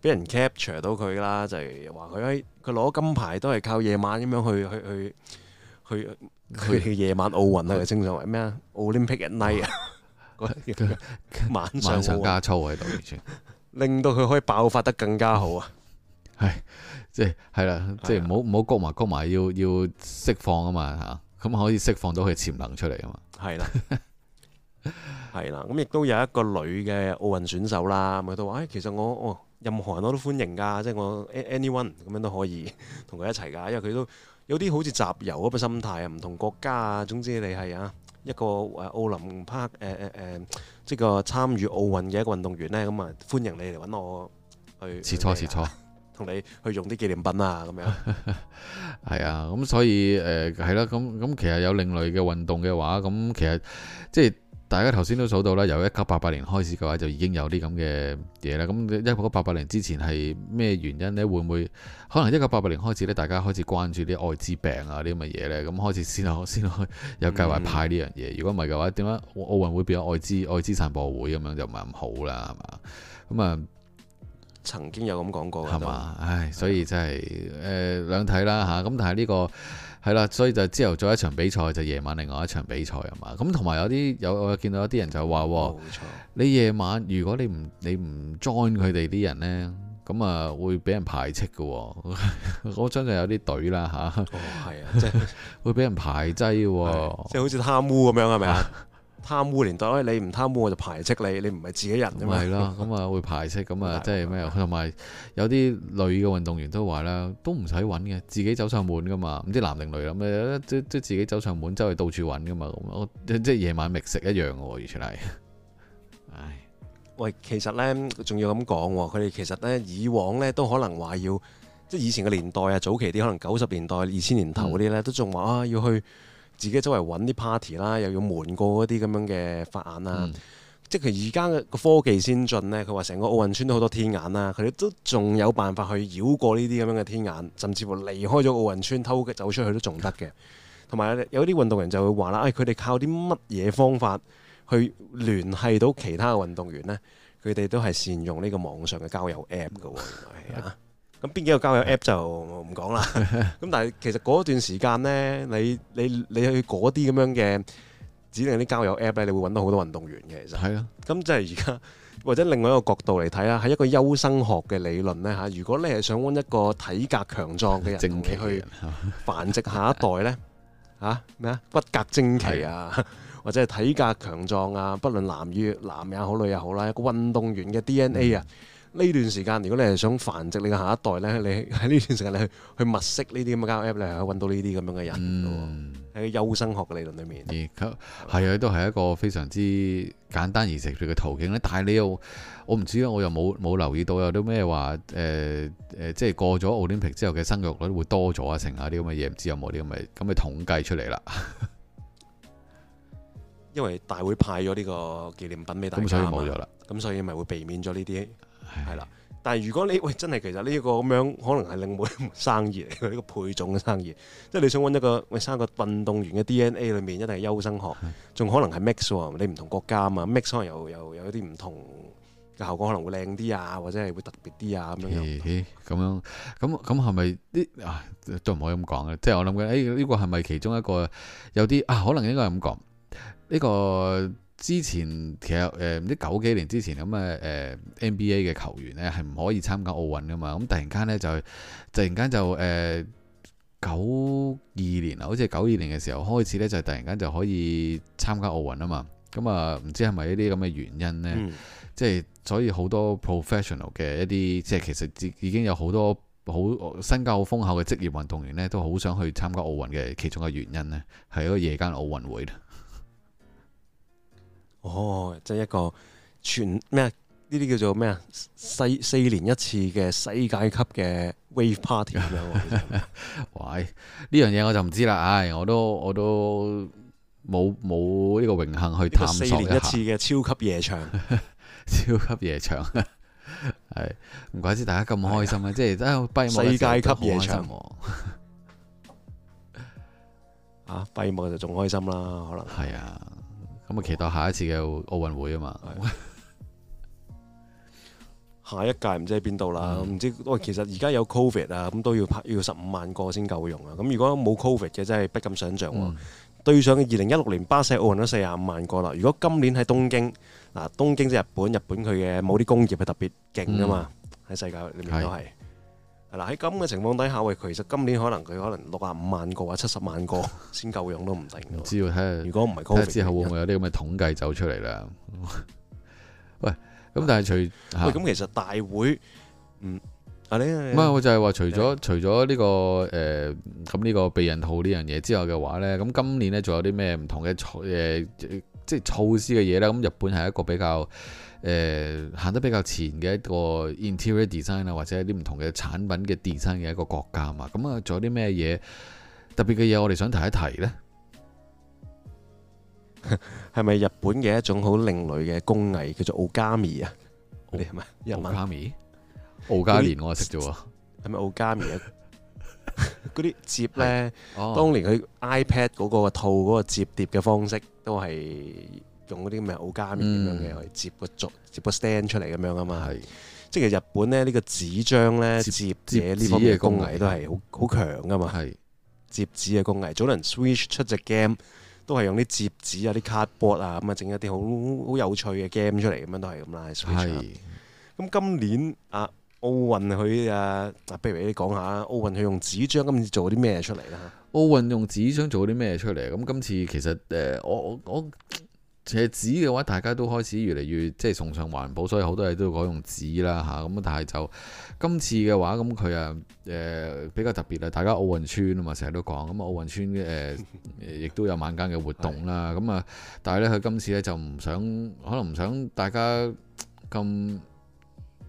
俾人 capture 到佢啦，就係話佢喺佢攞金牌都係靠夜晚咁樣去去去去去夜晚奧運啊，稱上為咩啊？Olympic at night 啊，晚上哇 晚，上晚上加粗喺度，令到佢可以爆發得更加好 啊！係即係係啦，即係唔好唔好谷埋谷埋，要要釋放啊嘛嚇，咁可以釋放到佢潛能出嚟啊嘛，係啦係啦，咁亦都有一個女嘅奧運選手啦，佢都話誒，其實我我。任何人我都歡迎㗎，即係我 anyone 咁樣都可以同 佢一齊㗎，因為佢都有啲好似集郵咁嘅心態啊，唔同國家啊，總之你係啊一個誒奧林匹克誒誒誒，即係個參與奧運嘅一個運動員咧，咁啊歡迎你嚟揾我去。切磋切磋，同去初你去用啲紀念品 啊，咁樣。係啊，咁所以誒係啦，咁、呃、咁其實有另類嘅運動嘅話，咁其實即係。大家頭先都數到啦，由一九八八年開始嘅話，就已經有啲咁嘅嘢啦。咁一九八八年之前係咩原因呢？會唔會可能一九八八年開始咧，大家開始關注啲艾滋病啊啲咁嘅嘢呢？咁開始先可先可有計劃派呢樣嘢。嗯、如果唔係嘅話，點解奧運會變咗艾滋艾滋散播會咁樣就唔係咁好啦？係嘛？咁啊，曾經有咁講過係嘛？唉，所以真係誒、嗯呃、兩睇啦嚇。咁但係呢個。係啦，所以就朝頭早一場比賽，就夜晚另外一場比賽吖嘛？咁同埋有啲有，有我見到有啲人就話，冇錯，你夜晚如果你唔你唔 join 佢哋啲人呢，咁啊會俾人排斥嘅，嗰張就有啲隊啦吓？哦，係 啊，即係、哦啊、 會俾人排擠嘅、哦，即係好似貪污咁樣係咪啊？ 貪污年代，你唔貪污我就排斥你，你唔係自己人咁啊！咪係咯，咁啊會排斥，咁啊即係咩？同埋有啲女嘅運動員都話啦，都唔使揾嘅，自己走上門噶嘛。唔知男定女啦，咁啊即即自己走上門，周圍到處揾噶嘛。即係夜晚覓食一樣嘅喎，完全係。唉， 喂，其實呢，仲要咁講喎，佢哋其實呢，以往呢，都可能話要，即係以前嘅年代啊，早期啲可能九十年代、二千年頭嗰啲呢，嗯、都仲話啊要去。自己周圍揾啲 party 啦，又要瞞過嗰啲咁樣嘅法眼啦。嗯、即係而家嘅科技先進呢，佢話成個奧運村都好多天眼啦，佢哋都仲有辦法去繞過呢啲咁樣嘅天眼，甚至乎離開咗奧運村偷走出去都仲得嘅。同埋 有啲運動員就會話啦，誒，佢哋靠啲乜嘢方法去聯繫到其他嘅運動員呢？佢哋都係善用呢個網上嘅交友 app 嘅喎。係啊、 嗯。咁邊幾個交友 App 就唔講啦。咁 但係其實嗰段時間呢，你你你去嗰啲咁樣嘅指定啲交友 App 咧，你會揾到好多運動員嘅其實。係啊。咁即係而家或者另外一個角度嚟睇啦，喺一個優生學嘅理論呢。嚇，如果你係想揾一個體格強壯嘅人嚟去繁殖下一代呢，嚇咩 啊骨骼精奇啊，或者係體格強壯啊，不論男與男也好，女也好啦，一個運動員嘅 DNA 啊、嗯。呢段時間，如果你係想繁殖你嘅下一代咧，你喺呢段時間你去去物色呢啲咁嘅交友 App，你係揾到呢啲咁樣嘅人嘅喎。喺優、嗯、生學嘅理論裏面，而係啊，都係一個非常之簡單而直接嘅途徑咧。但係你又，我唔知啊，我又冇冇留意到有啲咩話誒誒，即係過咗奧林匹之後嘅生育率會多咗啊，剩下啲咁嘅嘢，唔知有冇啲咁嘅咁嘅統計出嚟啦。 因為大會派咗呢個紀念品俾大家啊嘛，咁、嗯、所以咪會避免咗呢啲。係啦，但係如果你喂真係，其實呢個咁樣可能係另外一類生意嚟嘅，呢個配種嘅生意，即係你想揾一個喂生一個運動員嘅 DNA 裏面，一定係優生學，仲可能係 mix，你唔同國家啊嘛，mix 可能又又有啲唔同嘅效果，可能會靚啲啊，或者係會特別啲啊咁樣，咁樣咁係咪啲啊都唔可以咁講嘅，即係我諗緊誒呢個係咪其中一個有啲啊？可能應該係咁講呢個。之前其實誒，唔知九幾年之前咁，誒誒 NBA 嘅球員呢係唔可以參加奧運噶嘛，咁突然間呢，就突然間就誒九二年啊，好似九二年嘅時候開始呢，就突然間就可以參加奧運啊嘛，咁啊，唔知係咪呢啲咁嘅原因呢？嗯、即係所以好多 professional 嘅一啲即係，其實已已經有好多好身家好豐厚嘅職業運動員呢，都好想去參加奧運嘅其中嘅原因呢，係一個夜間奧運會。哦，即係一個全咩呢啲叫做咩啊？四四年一次嘅世界級嘅 wave party 咁樣。喂， 呢樣嘢，我就唔知啦。唉、哎，我都我都冇冇呢個榮幸去探索一,四年一次嘅超級夜場， 超級夜場。係 唔怪之，大家咁開心啦，即係的 啊，閉幕世界級夜場。啊，閉幕就仲開心啦，可能係啊。咁啊，期待下一次嘅奧運會啊嘛，下一屆唔知喺邊度啦，唔、嗯、知喂，其實而家有 covid 啊，咁都要拍要十五萬個先夠用啊，咁如果冇 covid 嘅真係不敢想象。嗯、對上二零一六年巴西奧運都四十五萬個啦，如果今年喺東京，嗱東京即日本，日本佢嘅某啲工業係特別勁噶嘛，喺、嗯、世界裏面都係。嗱喺咁嘅情況底下，喂，其實今年可能佢可能六十五萬個或者七十萬個先夠用都唔定。知 要睇下，如果唔係高，睇下之後會唔會有啲咁嘅統計走出嚟啦。 喂，咁但係除咁 其實大會，嗯，阿李、啊，唔係、啊，不啊、我就係話除咗、啊、除咗呢、這個誒，咁、呃、呢、這個避孕套呢樣嘢之外嘅話咧，咁今年咧仲有啲咩唔同嘅措、呃、即係措施嘅嘢咧？咁日本係一個比較。誒行、呃、得比較前嘅一個 interior design 啊，或者一啲唔同嘅產品嘅 design 嘅一個國家啊嘛，咁、嗯、啊，仲有啲咩嘢特別嘅嘢我哋想提一提呢，係咪日本嘅一種好另類嘅工藝叫做 o, o, o 加 i g a m 啊？你咪日文 o r i 奧加連我係識啫喎。係咪 o 加 i 啊？嗰啲接咧，oh. 當年佢 iPad 嗰個套嗰個摺疊嘅方式都係。用嗰啲咩嘅奧加面咁樣嘅去接個組，接個 stand 出嚟咁樣啊嘛。是即係日本咧，這個、呢個紙張咧摺嘢呢方面嘅工藝都係好好強啊嘛。摺紙嘅工藝，早年 switch 出隻 game 都係用啲摺紙啊、啲 cardboard 啊咁啊，整一啲好好有趣嘅 game 出嚟咁樣都係咁啦。咁是今年啊，奧運佢啊，嗱，不如你講下啦。奧運佢用紙張今次做啲咩出嚟啦？奧運用紙張做啲咩出嚟？咁今次其實誒、呃，我我我，我我我借紙嘅話，大家都開始越嚟越即係崇尚環保，所以好多嘢都改用紙啦嚇。咁、啊、但係就今次嘅話，咁佢啊誒比較特別啊，大家奧運村啊嘛，成日都講咁啊奧運村誒亦、呃、 都有晚間嘅活動啦。咁的啊，但係呢，佢今次呢就唔想，可能唔想大家咁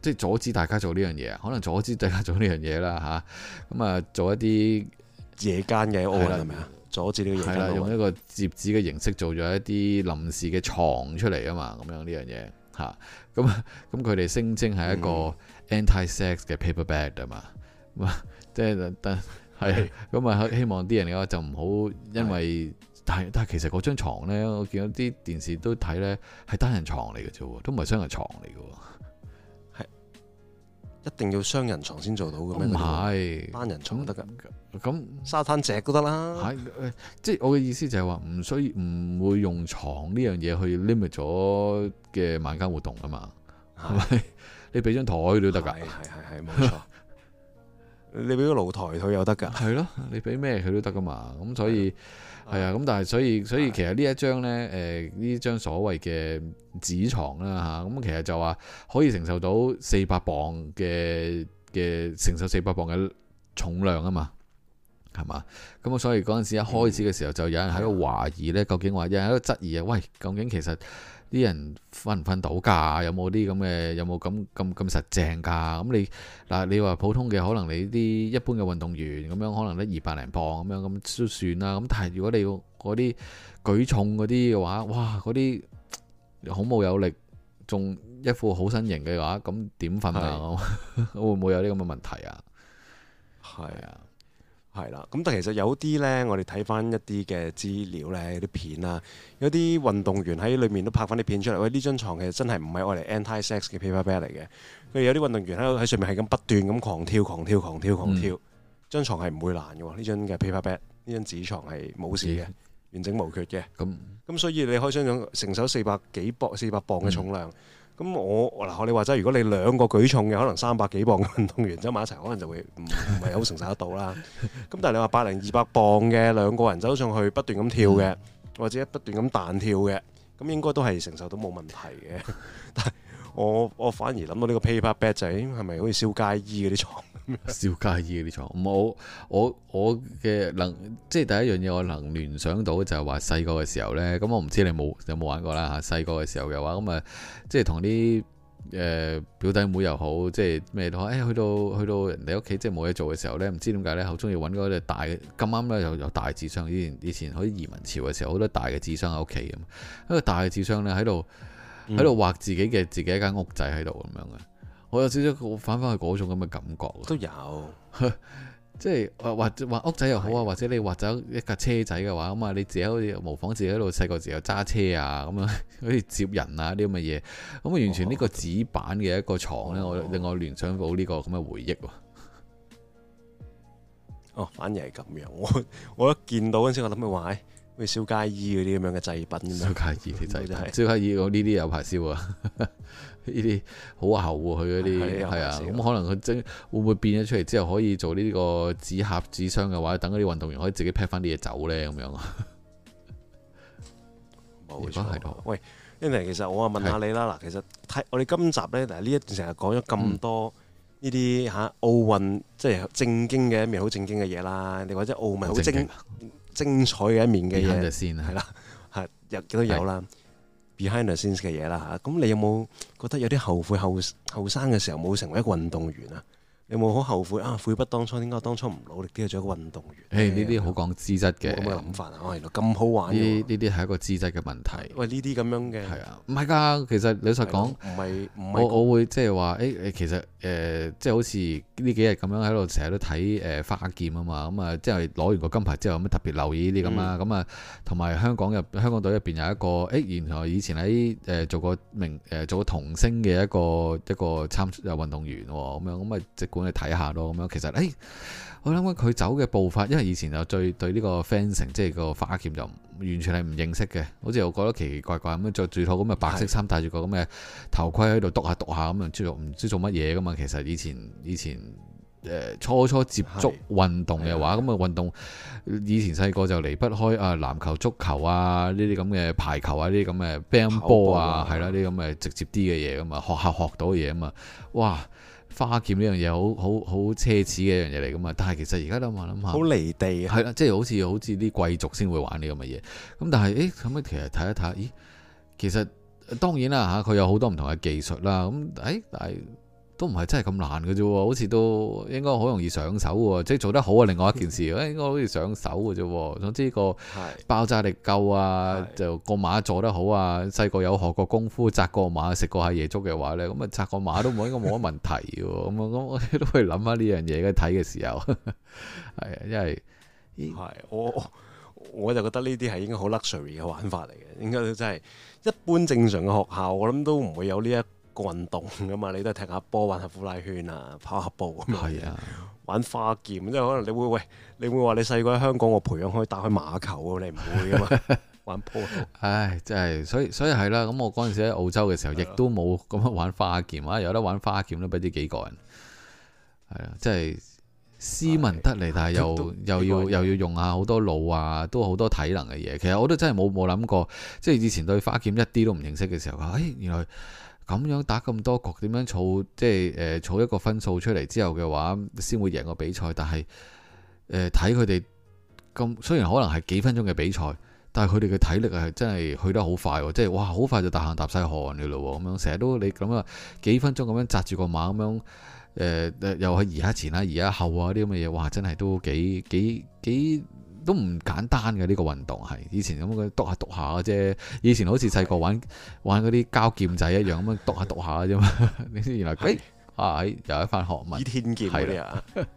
即係阻止大家做呢樣嘢，可能阻止大家做呢樣嘢啦吓，咁啊，啊做一啲夜間嘅奧運係咪啊？的阻止呢嘢的？係啦，用一個摺紙嘅形式做咗一啲臨時嘅床出嚟啊嘛，咁樣呢樣嘢吓，咁咁佢哋聲稱係一個 anti-sex 嘅 paper bag 啊嘛，即係但係咁啊，希望啲人嘅話就唔好因為的但係但係其實嗰張床咧，我見到啲電視都睇咧係單人床嚟嘅啫，都唔係雙人床嚟嘅，係一定要雙人床先做到嘅，唔係單人床得噶。嗯咁那沙灘石都得啦，係即係我嘅意思就係話唔需唔會用床呢樣嘢去 limit 咗嘅晚間活動噶嘛，係咪是？你俾張台都得噶，係係係冇錯。 你俾個露台佢又得噶，係咯？你俾咩佢都得噶嘛。咁的所以係啊。咁的但係所以所以，所以其實一張呢一張咧，誒呢的、呃、張所謂嘅紙床啦吓，咁、啊啊、其實就話可以承受到四百磅嘅嘅承受四百磅嘅重量啊嘛。係嘛？咁啊，所以嗰陣時一開始嘅時候就有人喺度懷疑咧，嗯、究竟話有人喺度質疑啊？喂，究竟其實啲人瞓唔瞓到噶？有冇啲咁嘅？有冇咁咁咁實正噶？咁你嗱，你話普通嘅可能你啲一般嘅運動員咁樣，可能得二百零磅咁樣咁都算啦。咁但係如果你要嗰啲舉重嗰啲嘅話，哇，嗰啲好冇有力，仲一副好身形嘅話，咁點瞓啊？是 會唔會有呢咁嘅問題啊？係啊。係啦，咁但其實有啲呢，我哋睇翻一啲嘅資料咧，啲片啦、啊，有啲運動員喺裏面都拍翻啲片出嚟。喂，呢張床其實真係唔係我哋 anti sex 嘅 Paper bed 嚟嘅。佢有啲運動員喺喺上面係咁不斷咁狂跳、狂跳、狂跳、狂跳。嗯、張床係唔會爛嘅喎，呢張嘅 Paper bed，呢張紙床係冇事嘅，嗯、完整無缺嘅。咁咁、嗯、所以你可以想像承受四百幾磅、四百磅嘅重量？嗯咁我嗱學你話齋，如果你兩個舉重嘅可能三百幾磅嘅運動員走埋一齊，可能就會唔係好承受得到啦。咁 但係你話百零二百磅嘅兩個人走上去不斷咁跳嘅，或者不斷咁彈跳嘅，咁應該都係承受到冇問題嘅。但係我我反而諗到呢個 paper bed 仔，係咪好似燒街衣嗰啲床？少介意嗰啲嘢，冇。我我嘅能即係第一樣嘢，我能聯想到就係話細個嘅時候呢。咁、嗯、我唔知你冇有冇玩過啦嚇。細個嘅時候嘅話，咁、嗯、啊即係同啲誒表弟妹又好，即係咩都，哎呀去到去到人哋屋企，即係冇嘢做嘅時候呢，唔知點解呢，好中意揾嗰隻大咁啱呢，又有大紙箱。以前以前嗰移民潮嘅時候，好多大嘅紙箱喺屋企咁，一個大嘅紙箱呢，喺度喺度畫自己嘅自己一間屋仔喺度咁樣嘅。我有少少反翻去嗰種咁嘅感覺，都有， 即係或或者畫屋仔又好啊，是或者你畫走一架車仔嘅話，咁啊你自己好似模仿自己喺度細個時候揸車啊，咁啊好似接人啊啲咁嘅嘢，咁啊完全呢個紙板嘅一個床咧，哦，令我另外聯想到呢個咁嘅回憶。哦，反而係咁樣，我我一見到嗰陣時，我諗起話，燒佳衣嗰啲咁樣嘅製品，燒佳衣啲製品，燒佳衣我呢啲有排燒啊！呢啲好厚，佢嗰啲係啊。咁可能佢蒸，會唔會變咗出嚟之後可以做呢個紙盒、紙箱嘅話，等嗰啲運動員可以自己 pack 翻啲嘢走咧？咁樣啊，冇錯，太多。喂，Eddie，其實我啊問下你啦，嗱，其實睇我哋今集咧，嗱呢一段成日講咗咁多呢啲吓奧運，即係正經嘅一面，好正經嘅嘢啦，你或者奧運好正。精彩嘅一面嘅嘢，係啦 the 對了，係 亦都有啦。是 behind the scenes 嘅嘢啦，咁你有冇覺得有啲後悔後後生嘅時候冇成為一個運動員啊？有冇好後悔啊？悔不當初，點解當初唔努力啲做一個運動員？誒，呢啲好講資質嘅。冇咩諗法啊？原來咁好玩。呢啲呢啲係一個資質嘅問題。喂，呢啲咁樣嘅。係啊，唔係噶，其實老實講，唔係唔係。我我會即係話，誒、欸、誒，其實誒、呃，即係好似呢幾日咁樣喺度，成日都睇誒花劍啊嘛，咁、呃、啊，即係攞完個金牌之後有咩特別留意呢啲咁啊？咁啊、嗯，同埋、嗯、香港入香港隊入邊有一個，誒、欸，原來以前喺誒、呃、做過明誒、呃、做過童星嘅一個一個參誒運動員喎，咁樣咁啊即。你睇下咯，咁樣其實，誒、哎，我諗佢走嘅步伐，因為以前就最對呢個 fencing 即係個花劍就完全係唔認識嘅，好似我覺得奇奇怪怪咁，着住套咁嘅白色衫，戴住個咁嘅頭盔喺度篤下篤下咁樣，唔知，唔知做乜嘢噶嘛。其實以前以前誒、呃、初初接觸運動嘅話，咁啊運動以前細個就離不開啊籃球、足球啊呢啲咁嘅排球啊呢啲咁嘅棒波啊係啦呢啲咁嘅直接啲嘅嘢噶嘛，學校學到嘢啊嘛，哇！花劍呢樣嘢好好好奢侈嘅一樣嘢嚟噶嘛，但係其實而家諗下諗下，好離地啊，係啦，即係好似好似啲貴族先會玩呢咁嘅嘢，咁但係，咦咁樣其實睇一睇，咦，其實，看看其實當然啦嚇，佢有好多唔同嘅技術啦，咁誒，但係。都唔係真係咁難嘅啫喎，好似都應該好容易上手喎，即係做得好啊！另外一件事，應該好似上手嘅啫喎。總之個爆炸力夠啊，是的 就個馬坐得好啊，細個有學過功夫，扎過馬，食過下夜粥嘅話咧，咁啊，扎個馬都冇應該冇乜問題嘅喎。咁 我我我都去諗下呢樣嘢嘅睇嘅時候，係 啊，因為係我我就覺得呢啲係應該好 luxury 嘅玩法嚟嘅，應該都真係一般正常嘅學校，我諗都唔會有呢一。個運動噶嘛，你都係踢下波，玩下呼拉圈啊，跑下步是啊，係啊，玩花劍，即係可能你會喂，你會話你細個喺香港我培養可以打開馬球你唔會㗎嘛， 玩波，唉、哎，真係，所以所以係啦，咁、啊、我嗰陣時喺澳洲嘅時候，亦是、啊、都冇咁樣玩花劍，哇、啊，有得玩花劍都不知幾個人，係啊，即係斯文得嚟，啊、但係又但又要又要用下好多腦啊，都好多體能嘅嘢。其實我都真係冇冇諗過，即係以前對花劍一啲都唔認識嘅時候，誒、哎，原來。咁樣打咁多局，點樣儲即係誒儲一個分數出嚟之後嘅話，先會贏個比賽。但係誒睇佢哋咁，雖然可能係幾分鐘嘅比賽，但係佢哋嘅體力係真係去得好快，哦，即係哇，好快就大汗疊細汗嘅咯咁樣，成日都你咁啊幾分鐘咁樣扎住個馬咁樣誒、呃、又去移下前啦，移下後啊啲咁嘅嘢，哇真係都幾幾幾。都唔簡單嘅呢、這個運動係，以前咁嘅篤下督下啫。以前好似細個玩的玩嗰啲膠劍仔一樣咁樣督下督下啫嘛。你知原來，佢的。啊，喺、哎、又一番學問。天劍嗰啲啊，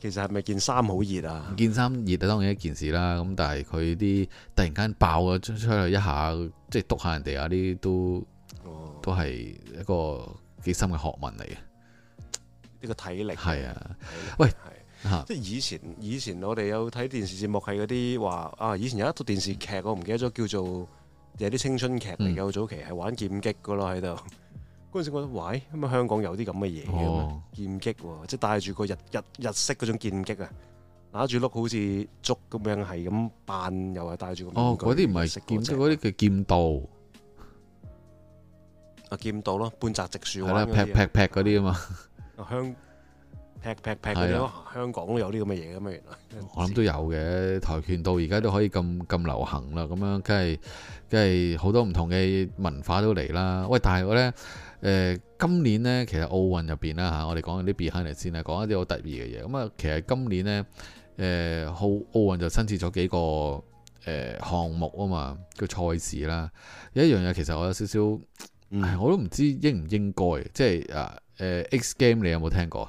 其實係咪件衫好熱啊？件衫熱啊，當然一件事啦。咁但係佢啲突然間爆咗出嚟一下，即係篤下人哋啊啲都都係一個幾深嘅學問嚟啊！呢個體力係啊，喂。 即係以前，以前我哋有睇電視節目，係嗰啲話啊。以前有一套電視劇，我唔記得咗，叫做有啲青春劇嚟嘅。嗯、早期係玩劍擊嘅咯，喺度。嗰陣時覺得，喂，咁啊，香港有啲咁嘅嘢嘅咩？哦、劍擊喎，即係帶住個日日日式嗰種劍擊啊，拿住碌好似竹咁樣，係咁扮，又係帶住個哦，嗰啲唔係，即係嗰啲叫劍道。啊，劍道咯，半澤直樹。係啦，劈劈劈嗰啲啊嘛。香。 劈劈，劈、啊、香港都有啲咁嘅嘢咁啊！原來我諗都有嘅。跆拳道而家都可以咁咁流行啦，咁樣梗係梗係好多唔同嘅文化都嚟啦。喂，但係我咧誒今年咧，其實奧運入邊啦嚇，我哋講緊啲 background 先啊，講一啲好得意嘅嘢。咁啊，其實今年咧誒奧奧運就新設咗幾個誒、呃、項目啊嘛，個賽事啦。有一樣嘢其實我有少少、嗯，我都唔知應唔應該，即係啊誒 X Game 你有冇聽過？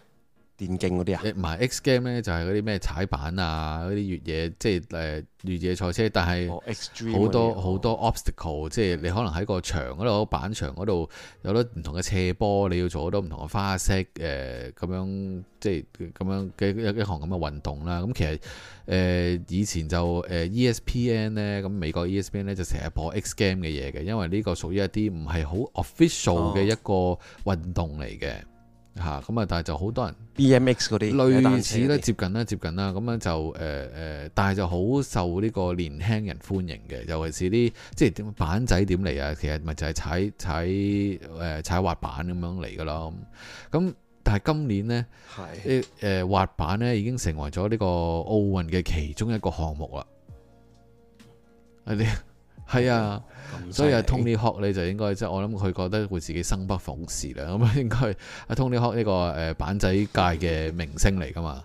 電競嗰啲啊，唔係 X Game 咧，就係嗰啲咩踩板啊，嗰啲越野，即係誒越野賽車。但係好、哦、多好、哦、多 obstacle，即係你可能喺個牆嗰度，哦、板牆嗰度有咗唔同嘅斜坡，你要做好多唔同嘅花式誒，咁、呃、樣即係咁樣嘅一一項咁嘅運動啦。咁、嗯、其實誒、呃、以前就誒 ESPN 咧，咁、呃、美國 ESPN 咧就成日播 X Game 嘅嘢嘅，因為呢個屬於一啲唔係好 official 嘅一個運動嚟嘅。嗯嚇咁啊！但係就好多人 B M X 嗰啲類似咧些，接近啦，接近啦。咁樣就誒誒、呃呃，但係就好受呢個年輕人歡迎嘅。尤其是啲即係點板仔點嚟啊？其實咪就係踩踩誒、呃、踩滑板咁樣嚟噶咯。咁、嗯、但係今年呢，啲誒的、呃、滑板呢已經成為咗呢個奧運嘅其中一個項目啦。啊啲～係啊，嗯、所以阿、啊、Tony Hawk 你就應該即係我諗佢覺得會自己生不逢時啦。咁 啊應該阿、啊、Tony Hawk 呢、這個誒、呃、板仔界嘅明星嚟噶嘛，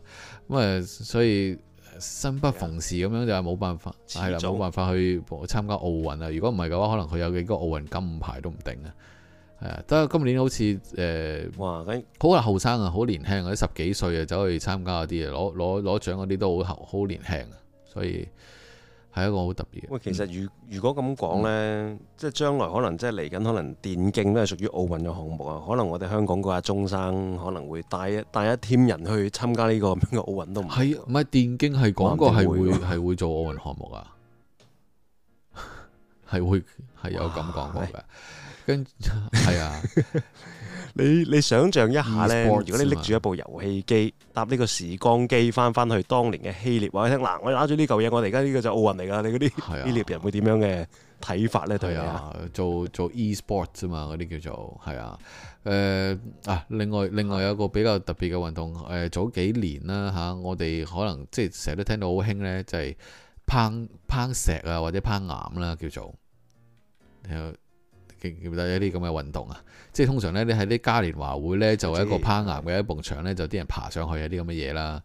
咁啊、 嗯、所以生不逢時咁樣就冇辦法係啦，冇早、啊、辦法去參加奧運啊。如果唔係嘅話，可能佢有幾個奧運金牌都唔定啊。係啊，得今年好似誒，呃、哇！好後生啊，好年輕嗰啲十幾歲啊，走去參加嗰啲攞攞攞獎嗰啲都好後好年輕啊，所以。係一個好特別嘅。喂，其實如如果咁講呢，嗯、即係將來可能即係嚟緊，可能電競都係屬於奧運嘅項目啊。可能我哋香港嗰阿鐘生可能會帶一帶一 team 人去參加呢、這個咁樣嘅奧運都唔係啊。唔係電競係講過係會係會,會,會做奧運項目啊？係 會係有咁講過嘅？跟係啊。你你想象一下咧，e、s 如果你拎住一部遊戲機，的搭呢個時光機翻翻去當年嘅希臘話聽嗱，我拉住呢嚿嘢，我哋而家呢個就奧運嚟㗎，你嗰啲希臘人會點樣嘅睇法咧？的對你做做 e-sports 啫嘛，嗰啲叫做係啊，誒、呃、啊，另外另外有一個比較特別嘅運動，誒、呃、早幾年啦嚇、啊，我哋可能即係成日都聽到好興咧，就係攀攀石啊或者攀岩啦，叫做。嗯有一啲咁嘅運動啊？即係通常呢，你喺啲嘉年華會呢，是就一個攀岩嘅一埲牆呢，就啲人爬上去一啲咁嘅嘢啦。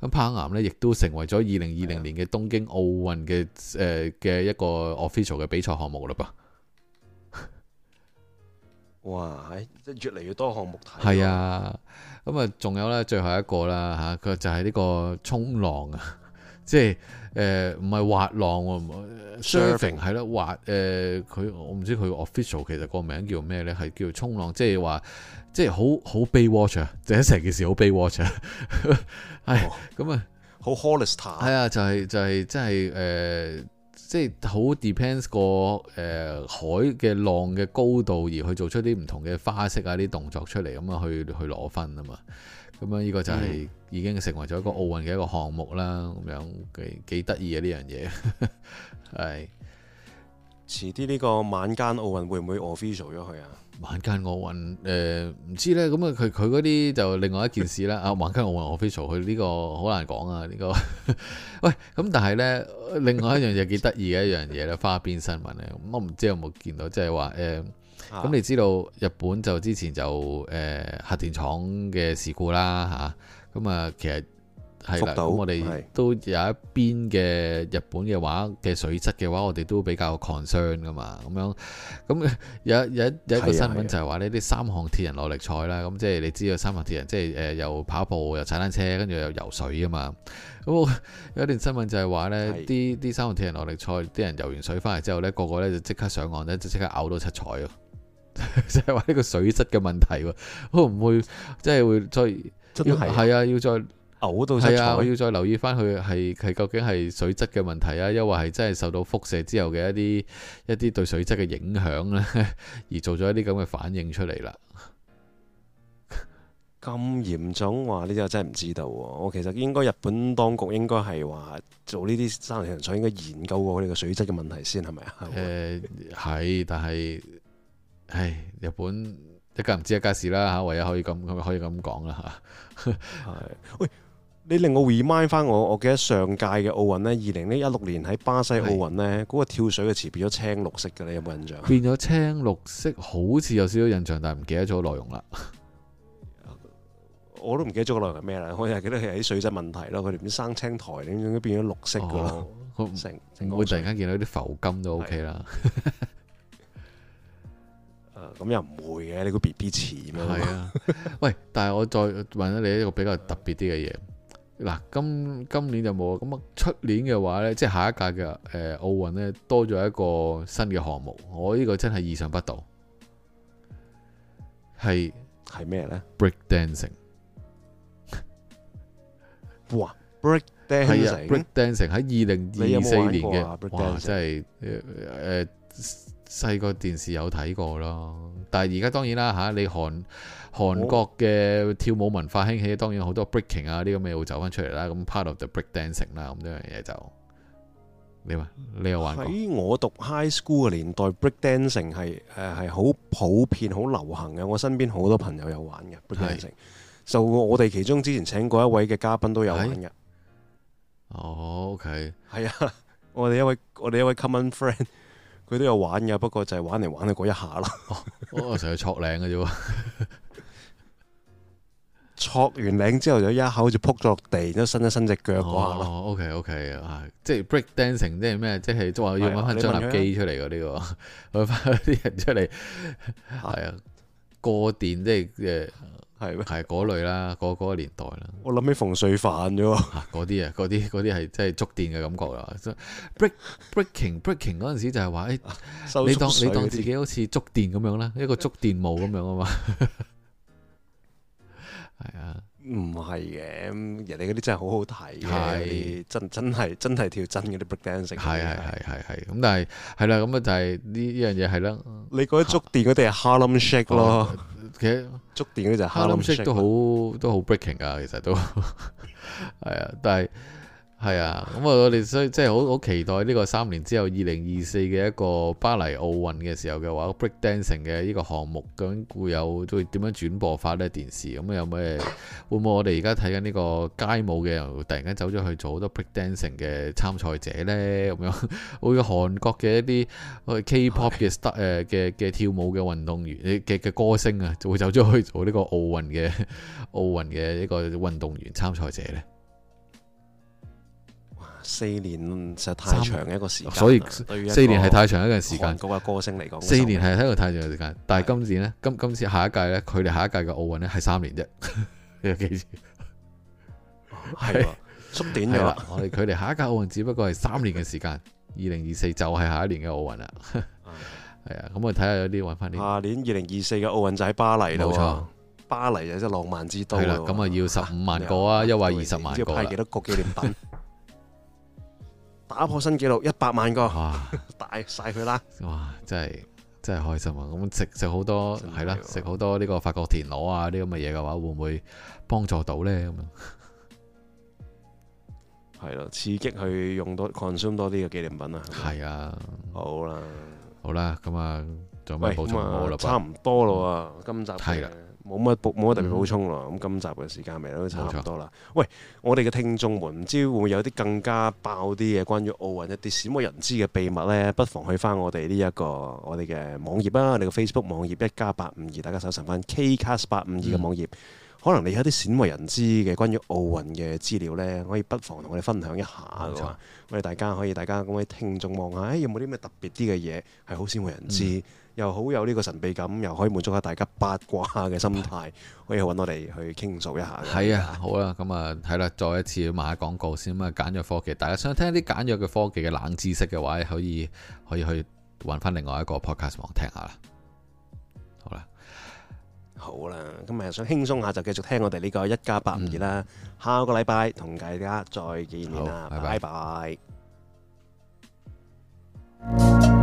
咁攀岩呢，亦都成為咗二零二零年嘅東京奧運嘅誒嘅一個 official 嘅比賽項目啦噃。 哇！即係越嚟越多項目睇。係啊，咁啊，仲有呢，最後一個啦吓，佢就係、是、呢個衝浪啊。即係誒唔係滑浪喎，surfing 係咯滑誒佢、呃、我唔知佢 official 其實個名叫咩咧，係叫衝浪，即係話即係好好 baywatch 啊，成成件事好 baywatch 係咁啊，好 holistic 係啊，就係、係、就係真係誒，即、呃、係好、就係、depends 個誒、呃、海嘅浪嘅高度而去做出啲唔同嘅花式啊，啲動作出嚟咁啊，去去攞分啊嘛～咁樣呢個就係已經成為咗一個奧運嘅一個項目啦，咁樣幾幾得意嘅呢樣嘢，係遲啲呢個晚間奧運會唔會 official 咗佢啊？晚間奧運誒唔知呢。咁啊佢佢嗰啲就另外一件事啦。啊，晚間奧運 official 佢呢個好難講啊，呢個喂咁但係呢，另外一樣嘢幾得意嘅一樣嘢咧，花邊新聞呢，咁、嗯、我唔知有冇見到，即係話誒。呃咁你知道日本就之前就誒核電廠嘅事故啦嚇，咁啊其實係啦，咁我哋都有一邊嘅日本嘅話嘅水質嘅話，我哋都比較 concern 噶嘛，咁樣咁有有一有一個新聞就係話呢啲三項鐵人落力賽啦，咁即係你知道三項鐵人即係誒又跑步又踩單車跟住又游水啊嘛，咁有一段新聞就係話呢啲啲三項鐵人落力賽啲人游完水翻嚟之後呢個個呢就即刻上岸呢就即刻嘔到七彩。 就係話呢個水質嘅問題，會唔會即係會再係啊？要再嘔到係啊？要再留意翻佢係係究竟係水質嘅問題啊？抑或係真係受到輻射之後嘅一啲一啲對水質嘅影響呢？ 而做咗一啲咁嘅反應出嚟啦，咁嚴重話呢啲我真係唔知道、啊。我其實應該日本當局應該係話做呢啲生文魚水應該研究過呢個水質嘅問題先係咪啊？係、呃， 但係。唉，日本一家唔知一家事啦嚇，唯有可以咁咁可以咁講啦嚇。係， 喂，你令我 remind 翻我，我記得上屆嘅奧運呢，二零一六年喺巴西奧運呢，嗰是個跳水嘅池變咗青綠色嘅你有冇印象？變咗青綠色，好似有少少印象，但係唔記得咗內容啦。 我都唔記得咗個內容係咩啦，我係記得佢喺水質問題咯，佢哋點生青苔，點點變咗綠色。哦，會突然間見到啲浮金都 OK 啦是的。 咁又唔會嘅，你個 B B 遲嘛？係啊，喂！但係我再問下你一個比較特別啲嘅嘢。嗱，今今年就冇，咁出年嘅話咧，即係下一屆嘅誒奧運咧，多咗一個新嘅項目。我呢個真係意想不到，係係咩咧？Break dancing，哇！Break dancing，Break、啊、dancing 喺二零二四年嘅，有有啊、哇！真係誒。呃細個電視有睇過咯，但係而家當然啦嚇，你韓韓國嘅跳舞文化興起，當然好多 breaking 啊呢咁嘅嘢會走翻出嚟啦。咁 part of the break dancing 啦、啊，咁呢樣嘢就你話？你有玩過？喺我讀 high school 嘅年代，break dancing 係誒係好普遍、好流行嘅。我身邊好多朋友有玩嘅 break dancing。是就我哋其中之前請過一位嘅嘉賓都有玩嘅。Oh, OK，係啊，我哋一位我哋一位 common friend。佢都有玩㗎，不過就係玩嚟玩去嗰一下啦、哦。我成日坐領㗎啫喎，坐 完領之後就一口好似仆咗落地，然之後伸一伸隻腳啩。哦，OK OK，啊，即係 break dancing，即係咩？即係都話要揾翻張立基出嚟嘅呢個，揾翻啲人出嚟，係啊，啊，過電即係誒。係係嗰類啦，嗰、那、嗰個年代啦。我諗起馮碎凡啫嗰啲啊，嗰啲嗰啲係真係觸電嘅感覺啊！breaking breaking 嗰陣時就係話誒，你、欸、當你當自己好似觸電咁樣啦，一個觸電舞咁樣啊嘛。係、嗯、啊，唔係嘅，人哋嗰啲真係好好睇嘅，真真係真係跳真嗰啲 breaking。係係係係係，咁的但係係啦，咁啊就係呢呢樣嘢係啦。你覺得觸電嗰啲係 Harlem Shake 咯？ 其實觸電嗰啲就黑色都好都好 breaking 㗎，其實都係啊、 哎，但係。係啊，咁啊，我哋所以即係好好期待呢個三年之後二零二四嘅一個巴黎奧運嘅時候嘅話，break dancing 嘅呢個項目究竟會有會點樣轉播法呢？電視咁有咩會唔會我哋而家睇緊呢個街舞嘅人，突然間走咗去做好多 break dancing 嘅參賽者呢？咁樣會韓國嘅一啲 K-pop 嘅 star 嘅嘅跳舞嘅運動員嘅嘅歌星啊，就會走咗去做呢個奧運嘅奧運嘅一個運動員參賽者呢？四年實太長一個時間，所以四年係太長一個時間。作為歌星嚟講，四年係一個太長嘅時間。但係今年呢，今今次下一屆呢，距離下一屆嘅奧運呢係三年啫。你記住，係縮短㗎。我哋距離下一屆奧運只不過係三年嘅時間，二零二四就係下一年嘅奧運啦。係啊，咁我睇下有啲揾翻啲。下年二零二四嘅奧運就喺巴黎啦，冇錯。巴黎就係浪漫之都。係啦，咁啊要十五萬個啊，一話二十萬個啦。派幾多個紀念品？打破新紀錄一百萬個，哇！ 大晒佢啦！哇，真係真係開心啊！咁食食好多係啦，食好多呢個法國田螺啊，呢啲咁嘅嘢嘅話，會唔會幫助到呢？咁樣係咯，刺激佢用多 consume 多啲嘅紀念品啊！係啊 啦，好啦，好啦，咁、嗯、啊，仲有咩補充啊？差唔多啦喎，嗯、今集係啦。冇乜冇乜特別補充咯。咁、嗯、今集嘅時間咪都差唔多啦。冇錯，喂，我哋嘅聽眾們，唔知會唔會有啲更加爆啲嘅關於奧運一啲鮮為人知嘅秘密呢？不妨去翻我哋呢一個我哋嘅網頁啦，我哋嘅 Facebook 網頁一家八五二，52，大家搜尋翻 Kcast 八五二嘅網頁。嗯、可能你有啲鮮為人知嘅關於奧運嘅資料呢，可以不妨同我哋分享一下。冇錯，我哋大家可以大家咁啲聽眾望下、哎，有冇啲咩特別啲嘅嘢係好鮮為人知？嗯又好有呢個神秘感，又可以滿足下大家八卦嘅心態，的可以揾我哋去傾訴一下。係啊的，家好啦，咁啊，係啦，再一次賣下廣告先啊，簡約科技。大家想聽啲簡約嘅科技嘅冷知識嘅話，可以可以，可以去揾翻另外一個 podcast 網聽下啦。好啦，好啦，咁啊，想輕鬆下，就繼續聽我哋呢個一家八五二啦。嗯、下個禮拜同大家再見面啊！好拜拜。拜拜。